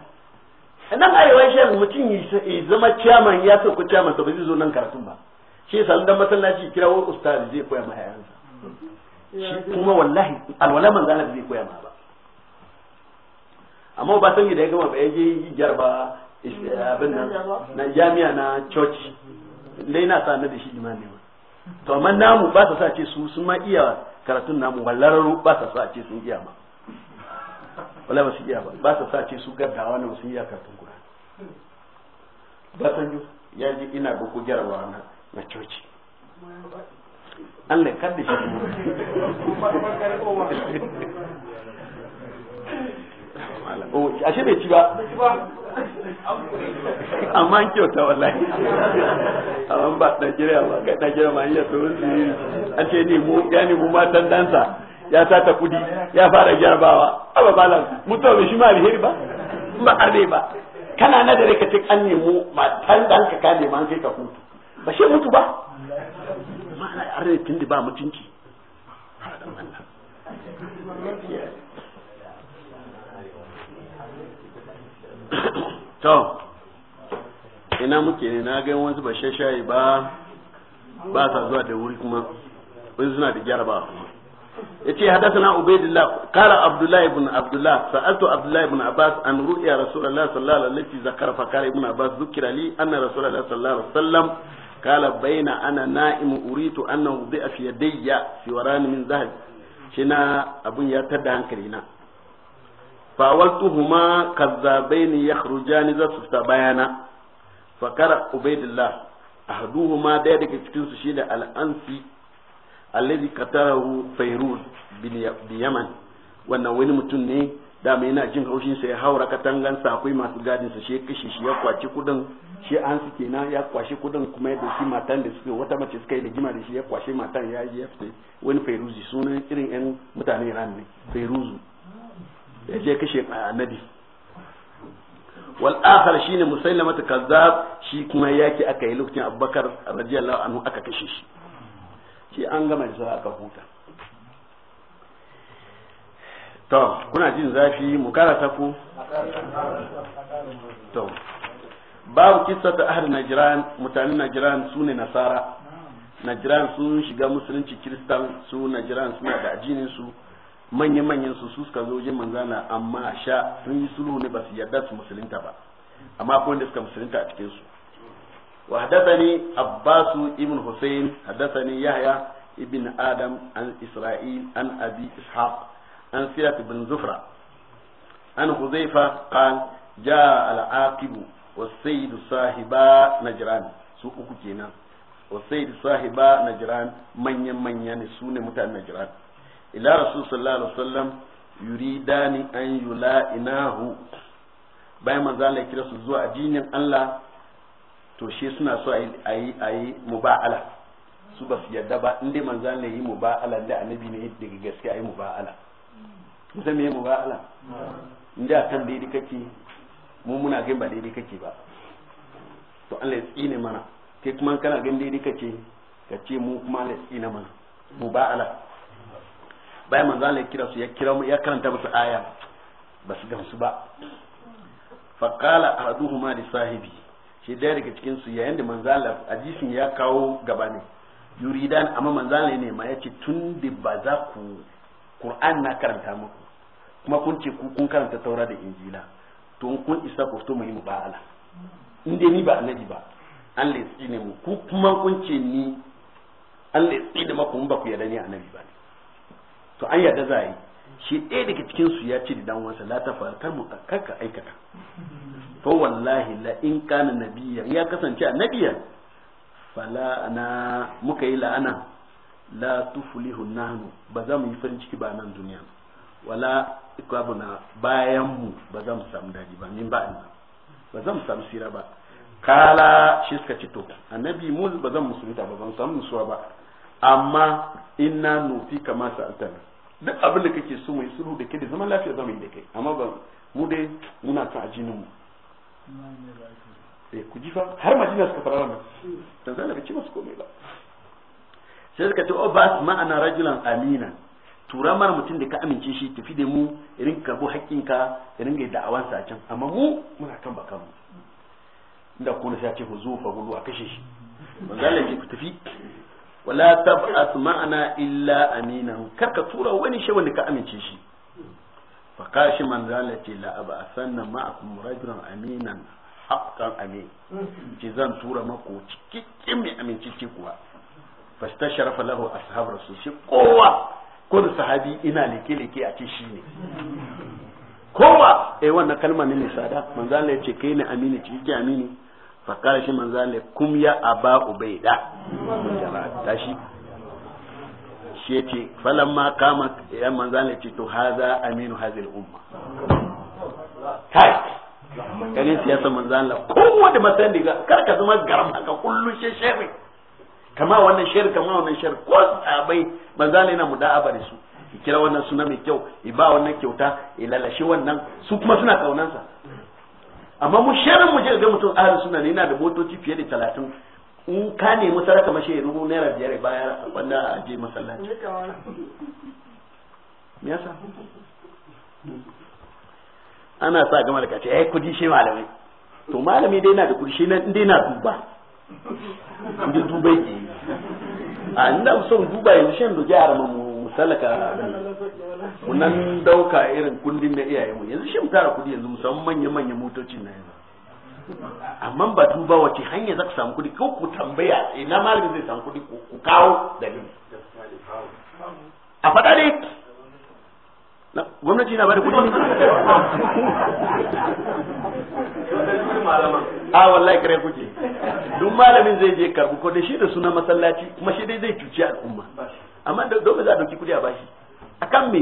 nan arewa shi mutum ya zama ciyaman ya sauko ciyaman sa ba zai zo nan karatun ba shi yasa dan masallaci kira wani ustaz zai koya ma hayansa. shi kuma wallahi alwala man Allah zai koya ma ba amma ba san da ya gama ba ya je jarba eh, abin nan na jami'a na church dai na sa da shi imani ba to amma namu ba sa sa ce su sun ma iya karatun namu wallararu ba sa sa ce sun iya ma wala ba su iya ba ba ta sace ce su gaddawa na su iya karatun Qur'ani ba san ju ya ji ina ba ku jarabawa na na coci Allah kada shi oh, ashe bai ci ba amma an kyauta wallahi amma ba Najeriya ba kai Najeriya ma iya tsoron siriri an ce ne mu ya mu ma dansa ya sata kudi ya fara jarabawa aba balan mutuwa bai shi ma alheri ba ba arde ba kana na dare ka ce an nemo matan dan ka ka neman sai ka hutu ba shi mutu ba ma'ana arde tun da ba mutunci to ina muke ne na ga wani ba shashaye ba ba sa zuwa da wuri kuma wani suna da gyara ba kuma yace hadathana ubaydillah qala abdullah ibn abdullah sa'altu abdullah ibn abbas an ru'ya rasulullah sallallahu alaihi wasallam zakara fa qala ibn abbas dhukira li anna rasulullah sallallahu alaihi wasallam qala bayna ana na'im uritu anna wudi'a fi yadayya fi warani min dhahab shina abun ya tada hankali na fa waltuhuma kazzabain yakhrujani zasu bayana fa qara ubaydillah ahduhuma daya daga cikin su shine al-ansi alladhi qatarahu fayruz bi yaman wannan wani mutum ne da mai yana jin haushin sa ya haura katangan sa akwai masu gadin sa shi kishi shi ya kwaci kudin shi an su kenan ya kwashi kudin kuma ya dauki matan da suke wata mace suka yi da jima da shi ya kwashi matan ya yi ya wani fayruzi sunan irin yan mutane ran ne fayruzu ya je kashe annabi wal akhar shine musailamatu kazzab shi kuma yake aka yi lokacin abubakar radiyallahu anhu aka kashe shi shi an gama da aka huta to kuna jin zafi mu karata ku to babu kissa ta ahli najran mutanen najran su ne nasara najran sun shiga musulunci kristan su najran suna da ajinin su manya-manyan su suka zo jin manzana amma sha sun yi sulhu ne ba su yarda su musulunta ba amma akwai wanda suka musulunta a cikin su وحدثني عباس ابن حسين حدثني يحيى ابن آدم عن إسرائيل عن أبي إسحاق عن سيرة بن زفرة عن حذيفة قال جاء العاقب والسيد صاحبا نجران سوء كينا والسيد صاحبا نجران من يمن ينسون متى نجران إلى رسول صلى الله عليه وسلم يريدان أن يلائناه bayan manzo Allah ya kira su zuwa addinin Allah to shi suna so a yi muba'ala su ba su yarda ba inda manzo ne yi muba'ala da annabi ne daga gaske a yi muba'ala kusa me muba'ala mm. inda kan daidai kake mu muna gani ba daidai kake ba to Allah ya tsine mana kai kuma kana gan daidai kake ka ce mu kuma Allah ya tsine mana muba'ala bayan manzo Allah ya kira su ya kira mu ya karanta musu aya ba su gamsu ba faqala ahaduhuma li sahibi shi daya daga cikin su yayin da manzala hadisin ya kawo gaba ne yuridan amma manzala ne ma yace tun da ba za ku Qur'an na karanta muku kuma kun ce ku kun karanta Taura da Injila to kun isa ku fito mu yi mubala in ni ba annabi ba an lesi ne mu ku kuma kun ce ni an lesi da maku ba ku yarda ni annabi ba to an yarda za yi shi ɗaya daga cikin su ya ce da dan wasa la tafar kar mu kakka aikata to wallahi la in kana nabiya ya kasance a nabiya fala ana muka yi la'ana la tuflihu nahnu ba za mu yi farin ciki ba nan duniya wala ikwabuna bayan mu ba za mu samu daji ba min ba'in ba za mu samu sira ba kala shi suka ci to annabi mu ba za mu musulunta ba mu samu musuwa ba amma inna nufi kama sa'atan duk abin da kake so mai sulhu da ke da zaman lafiya zamu yi da kai amma ba mu dai muna ta ajinin mu E, ku ji fa har madina suka fara nan dan zalaka ci masu komai ba sai suka ce o oh, ba su ma'ana rajulan amina tura mara mutum da ka amince shi tafi da mu irin karbo haƙƙinka irin gai da'awansa a can amma mu muna kan baka mu inda ko na sai ce ku zo fa gudu a kashe shi manzo Allah ya ku tafi wala tab'as ma'ana illa aminan karka tura wani shi wanda ka amince shi فقاش من ذلك لا أبا أسنى معكم رجلا أمينا حقا أمين جزان تورا مكو تكتم أمين تكتكوا فاستشرف له أصحاب رسول قوة كل صحابي إنا لكي لكي أتشيني قوة eh wannan من ne من ذلك manzo Allah ya ce kai ne amini ci ki amini fa kala shi shi falon ma kama ya manzan ya ce to haza aminu hazil umma kai ganin siyasar manzan Allah kowanne matsayin da kar ka zama garam haka kullu shi shari kama wannan shari kama wannan shari ko sabai manzan yana muda'aba da su ki kira wannan suna mai kyau i ba wannan kyauta i lalashi wannan su kuma suna kaunansa amma mu sharin mu je ga mutum ahlus sunna ne yana da motoci fiye da talatin in ka nemi sadaka mashi ya rubu naira biyar baya wanda a je masallaci Ya sa? ana sa gama da kace eh kudi shi malami to malami dai na da kudi shi nan dai na duba inda duba yake a ina son duba yanzu shan doge a ramar mu salaka mu nan dauka irin kundin na iyayenmu yanzu shi mu tara kudi yanzu musamman manya-manya motocin na yanzu amma ba duba wace hanya za ku samu kuɗi ko ku tambaya ina malamin zai samu kuɗi ku kawo dalili a faɗa ne gwamnati na bada kuɗi a wallahi kare kuke duk malamin zai je karbu ko da shi da suna masallaci kuma shi dai zai cuci al'umma amma dole za a dauki kuɗi a bashi akan me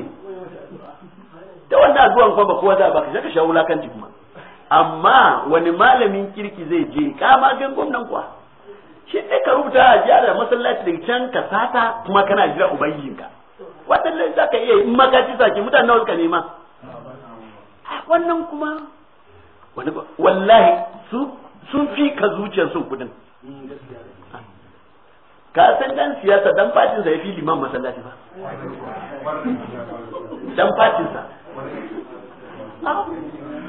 da wanda zuwan kuma ba kowa za a baka sai ka sha kuma amma wani malamin kirki zai je ka magan gwamnan kuwa shi ne ka rubuta a jiya da masallaci daga can ka sata kuma kana jira ubangijinka waɗannan za ka iya in makaci sake mutane nawa suka nema wannan kuma wallahi sun fi ka zuciyar sun kudin ka san dan siyasa dan fatinsa ya fi liman masallaci ba dan fatinsa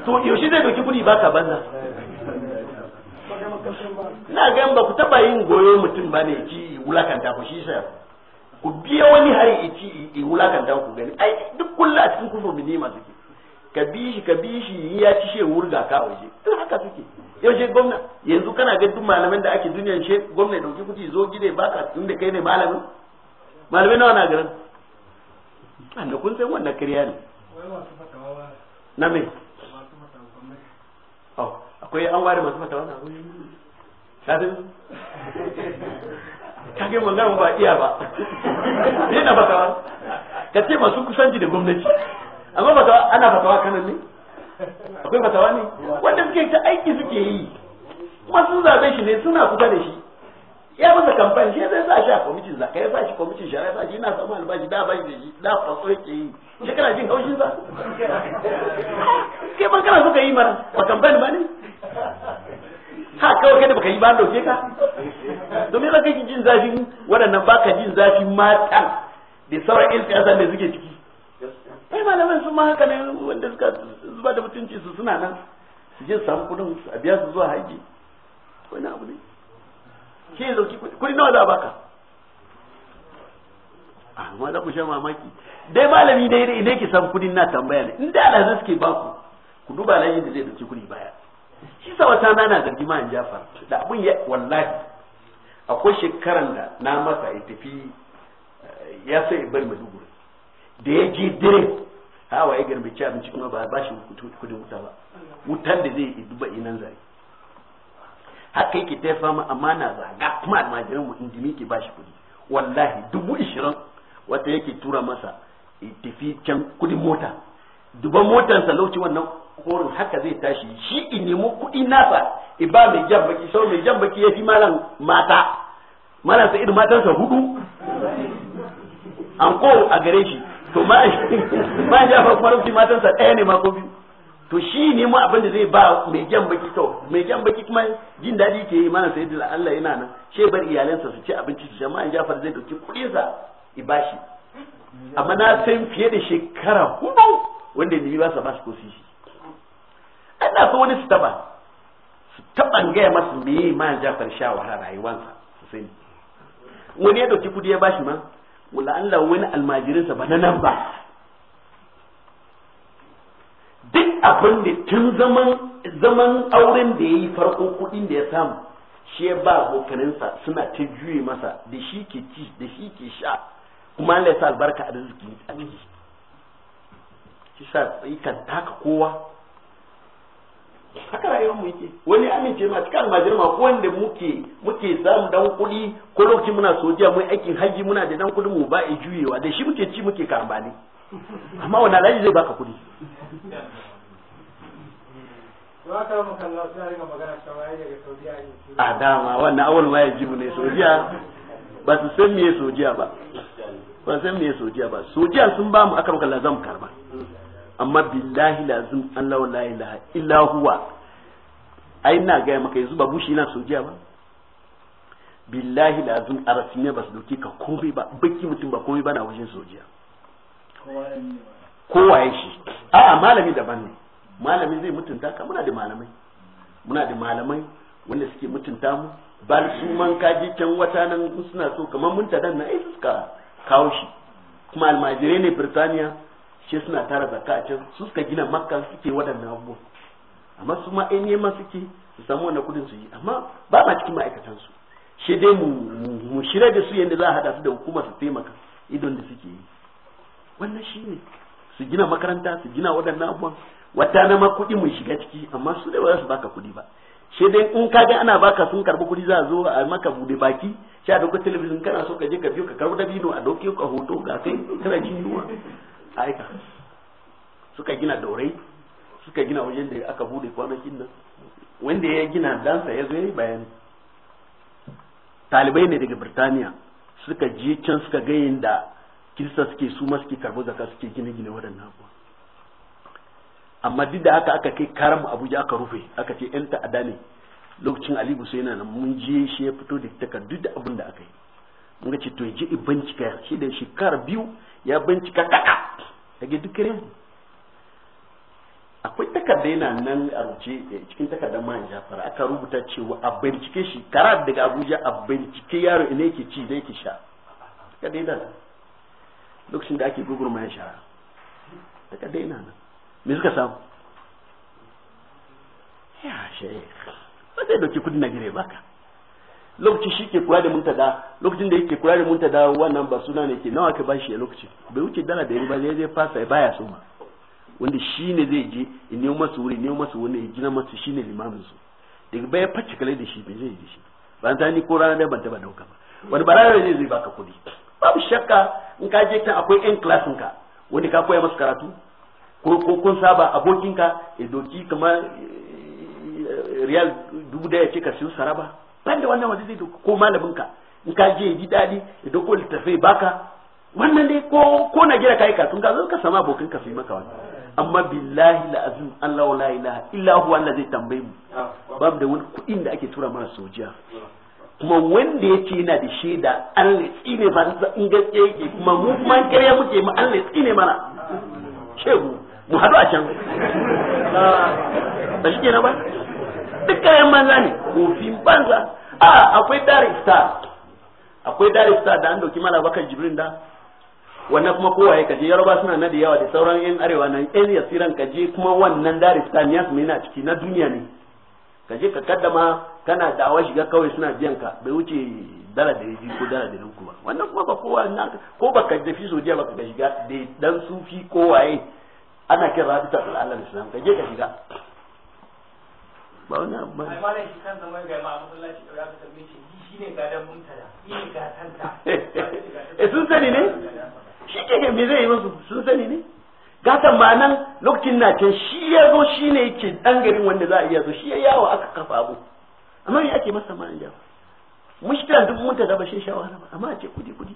to yaushe zai doki kudi baka banza na gan ba ku taba yin goyo mutum ba ne ci wulakanta ku shi sa ku biya wani hari ci i wulakanta ku gani ai duk kullu a cikin kufur ne ma suke ka bi shi ka bi shi ya ci she wurga ka waje duk haka suke yaushe gwamna yanzu kana ga duk malaman da ake duniyan she gwamna dauki kuɗi zo gide baka inda kai ne malamin malamai nawa na garin an da kun san wannan kariya ne na me akwai an ware masu fatawa na kafin kage wannan ba iya ba ni na fatawa ka ce masu kusanci da gwamnati amma fatawa ana fatawa kanan ne akwai fatawa ne wanda suke ta aiki suke yi kuma sun zabe shi ne suna kusa da shi ya masa kamfani shi zai sa shi a kwamitin zaka ya sa shi kwamitin shara ya sa shi yana samu albashi da bashi da shi da faso yake yi shi kana jin haushin sa kai ban kana so ka yi mana ba kamfani ba ne ha kawai kai da baka yi ba dauke ka domin ba kai jin zafin waɗannan ba ka jin zafin matan da sauran yan a da suke ciki kai malaman sun ma haka ne wanda suka zuba da mutunci su suna nan su je su samu kudin a biya su zuwa haji wani abu ne ke zauki kudi nawa za a baka amma za ku sha mamaki dai malami dai idan ki san kudin na tambaya ne inda alhazi suke baku ku duba alhaji da zai dauki kudi baya shi sa wata na na zargi ma jafar da abun ya wallahi akwai shekaran da na masa ya tafi eh, ya sai ya bari maiduguri da ya je dire hawa ya garbace abinci kuma ba ba shi kudin wuta ba wutan da zai duba inan zai haka yake ta fama amana zaga kuma almajiran mu indimi ke bashi kudi wallahi dubu ishirin wata yake tura masa tafi can kudin mota duban motarsa lokacin wannan horin haka zai tashi shi in nemo kudi nasa iba mai jan baki sau mai jan baki ya fi malam mata malam sa irin matansa hudu an ko a gare shi to ma *laughs* ma fa kuma matansa ɗaya ne ma ko biyu to shi ne mu abin da zai ba mai jan baki to mai jan baki kuma jin daɗi ke yi mana sayyidul Allah yana nan she bar iyalansa su ci abinci su jama'an Jafar zai dauki kuɗin sa bashi amma na san fiye da shekara hudu wanda ni ba sa ba su ko shi ana so wani su taba su ga ya masu me ma Jafar shawara rayuwarsa su sani wani ya dauki kuɗi ya bashi ma wala Allah wani almajirinsa ba na nan ba duk abin da tun zaman zaman auren da ya yi farko kuɗin da ya samu shi ya ba abokaninsa suna ta juye masa da shi ke ci da shi ke sha kuma Allah ya sa albarka a rizki a ciki shi sa ka taka kowa haka rayuwar mu yake wani amince ma cikin almajiri ma wanda muke muke samu dan kuɗi ko lokacin muna sojiya mu aikin haji muna da dan kuɗin mu ba a juyewa da shi muke ci muke karbani amma wani alhaji zai baka kuɗi a dama wannan awon ma ya mu ne sojiya ba su san me sojiya ba ba su san me sojiya ba sojiya sun ba mu aka maka lazam karba amma billahi lazim Allah la ilaha illa huwa ai ina ga maka yanzu ba bushi na sojiya ba billahi lazim arasine ba su dauke ka komai ba baki mutum ba komai ba na wajen sojiya kowa ya shi a malami daban ne malami zai mutunta ka muna da malamai muna da malamai wanda suke mutunta mu ba su man kaji can wata nan suna so kamar mun ta dan na ai suka kawo shi kuma almajirai ne birtaniya shi suna tara zakka a can su suka gina makka suke waɗannan abubuwan amma su ma ne ma suke su samu wannan kudin su yi amma ba ma cikin ma'aikatan su shi dai mu shirya da su yadda za a haɗa su da hukuma su taimaka idon da suke yi wannan shi ne su gina makaranta su gina waɗannan abubuwan wata na ma kuɗi mun shiga ciki amma su da ba za su baka kuɗi ba shi dai in ka ga ana baka sun karɓi kuɗi za a zo a maka bude baki shi a dauki talabijin kana so ka je ka biyo ka da bino a dauke ka hoto ga kai kana jin yunwa aika suka gina daurai suka gina wajen da aka bude kwanakin nan wanda ya gina dansa ya zo ya yi bayani talibai ne daga birtaniya suka je can suka gayin da kirista suke su ma suke karbo zaka suke gine-gine wadannan kuwa amma duk da haka aka kai karam abuja aka rufe aka ce yan ta'ada ne lokacin ali sai yana nan mun je shi ya fito da takardu da abin da aka yi mun ga ce to je i bincika shi da shekara biyu ya bincika kaka daga duk kare akwai takarda yana nan a rubuce eh, cikin takardar man jafara aka rubuta cewa a bincike shi karat daga abuja a bincike yaro ina yake ci da yake sha kada yana lokacin da ake gugur ya shara daga daina nan me suka samu ya shekh ba zai dauki kudi na gire baka lokacin shi ke kula da muntada lokacin da yake kula da muntada wannan ba suna ne ke nawa ka bashi a lokacin bai wuce dala da yari ba zai zai fasa ya baya soma wanda shi ne zai je in yi masu wuri ne masu wani ya gina masu shi ne limamin su daga baya facce kalai da shi bai zai je shi ba ta ni ko rana da ban taba dauka ba wani barara zai zai baka kudi babu shakka in ka je ta akwai yan klasinka ka wani ka koya masu karatu ko kun saba abokinka ya doki kamar eh, riyal dubu daya ce ka siyo saraba ban da wannan wanda zai ko malaminka ka in ka je ji daɗi ya doko littafai baka wannan dai ko ko na gida kai katun ka zo ka sama abokin ka fi maka wani amma billahi la'azim Allah la ilaha illa huwa zai tambayi mu ah, ah. babu da wani kuɗin da ake tura mana sojiya ah. kuma wanda ya ce yana da shaida Allah ne ba in gaske yake kuma mu kuma kariya muke mu Allah ne mana shehu mu hadu a can ba shi kenan ba duk kayan manza ne kofin banza a akwai darista. star akwai darista star da an dauki mala bakar jibrin da wannan kuma kowaye kaje yaro ba suna na da yawa da sauran yan arewa nan yan yasiran kaje kuma wannan darista, star ne na ciki na duniya ne kaje ka kaddama kana dawa shiga kawai suna biyan ka bai wuce dala da yaji ko dala da uku ba wannan kuma ba kowa na ko baka dafi sojiya baka ga shiga da dan sufi ko waye ana kira rabita ta Allah Islam ka je ka shiga ba wannan ba ai malai shi kan zaman ga ma'a da ya ta mice shi ne gadan muntala shi ne gatanta *laughs* eh sun sani ne shi ke me zai yi musu sun sani ne gatan ma nan lokacin na can shi ya zo shi ne yake dan garin wanda za a iya zo shi ya yawo aka kafa abu amma ya ake masa ma'an jawa mushkila duk mun ta zaba shi na ba amma a ce kudi kudi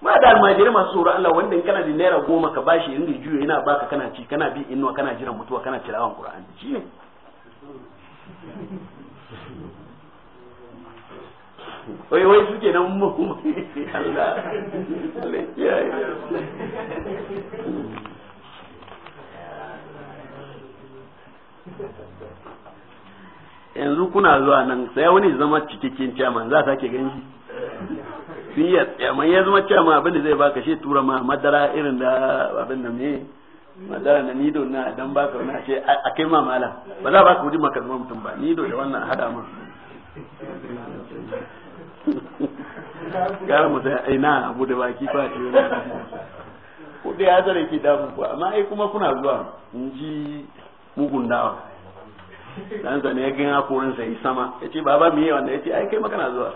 ma da almajiri masu tsoro Allah wanda in kana da naira goma ka bashi in da juyo yana baka kana ci kana bi inuwa kana jiran mutuwa kana tilawan Qur'ani shine wai wai suke nan mu Allah you. yanzu kuna zuwa nan sai wani zama cikakken caman za ta ke gani sun yi tsayaman ya zama caman abin da zai baka shi tura ma madara irin da abin da me madara na nido na dan baka wani ashe a kai ma mala ba za baka wuri maka zama mutum ba nido da wannan hada ma gara mu sai aina abu da baki ba ce kudi ya zare ki damu ba amma ai kuma kuna zuwa in ji mugun dawa dan sa ne ya gina sa yi sama ya ce baba me wanda ya ce ai kai magana zuwa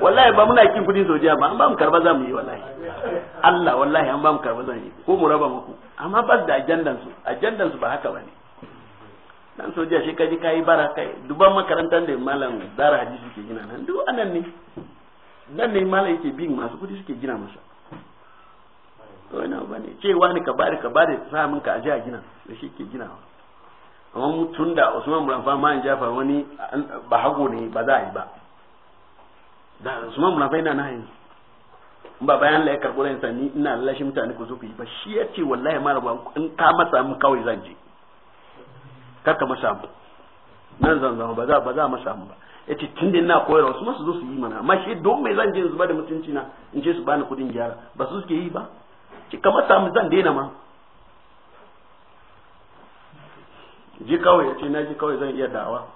wallahi ba muna kin kudin sojiya ba an ba mu karba za mu yi wallahi Allah wallahi an ba mu karba za mu yi ko mu raba muku amma ba da ajandan su ajandan su ba haka bane dan sojiya shi kaji kai bara kai duban makarantar da malam dara hadisi ke gina nan duk anan ne nan ne malam yake bin masu kudi suke gina masa wani ina ne ka bari ka bari sa min ka aje a gina da shi ke ginawa amma mutum da Usman Muranfa ma in jafa wani ba hago ne ba za a yi ba da Usman Muranfa yana nahi ba bayan la ya karbo ran sani ina lalashi mutane ku zo ku yi ba shi ya ce wallahi ma rabon in ka masa mu kawai zan je kar ka masa mu nan zan zama ba za ba za masa mu ba ce tun da ina koyarwa su masu su zo su yi mana amma shi don me zan je in zuba da mutunci na in ce su bani kudin gyara ba su suke yi ba ki kamata mu zan daina ma ji kawai ya ce na ji kawai zan iya dawa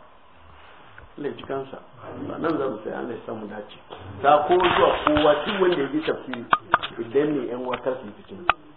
laifi kansa nan za mu sai an laifi samu dace ta ko zuwa kowa duk wanda ya ji tafsiri idan ne yan wakar su yi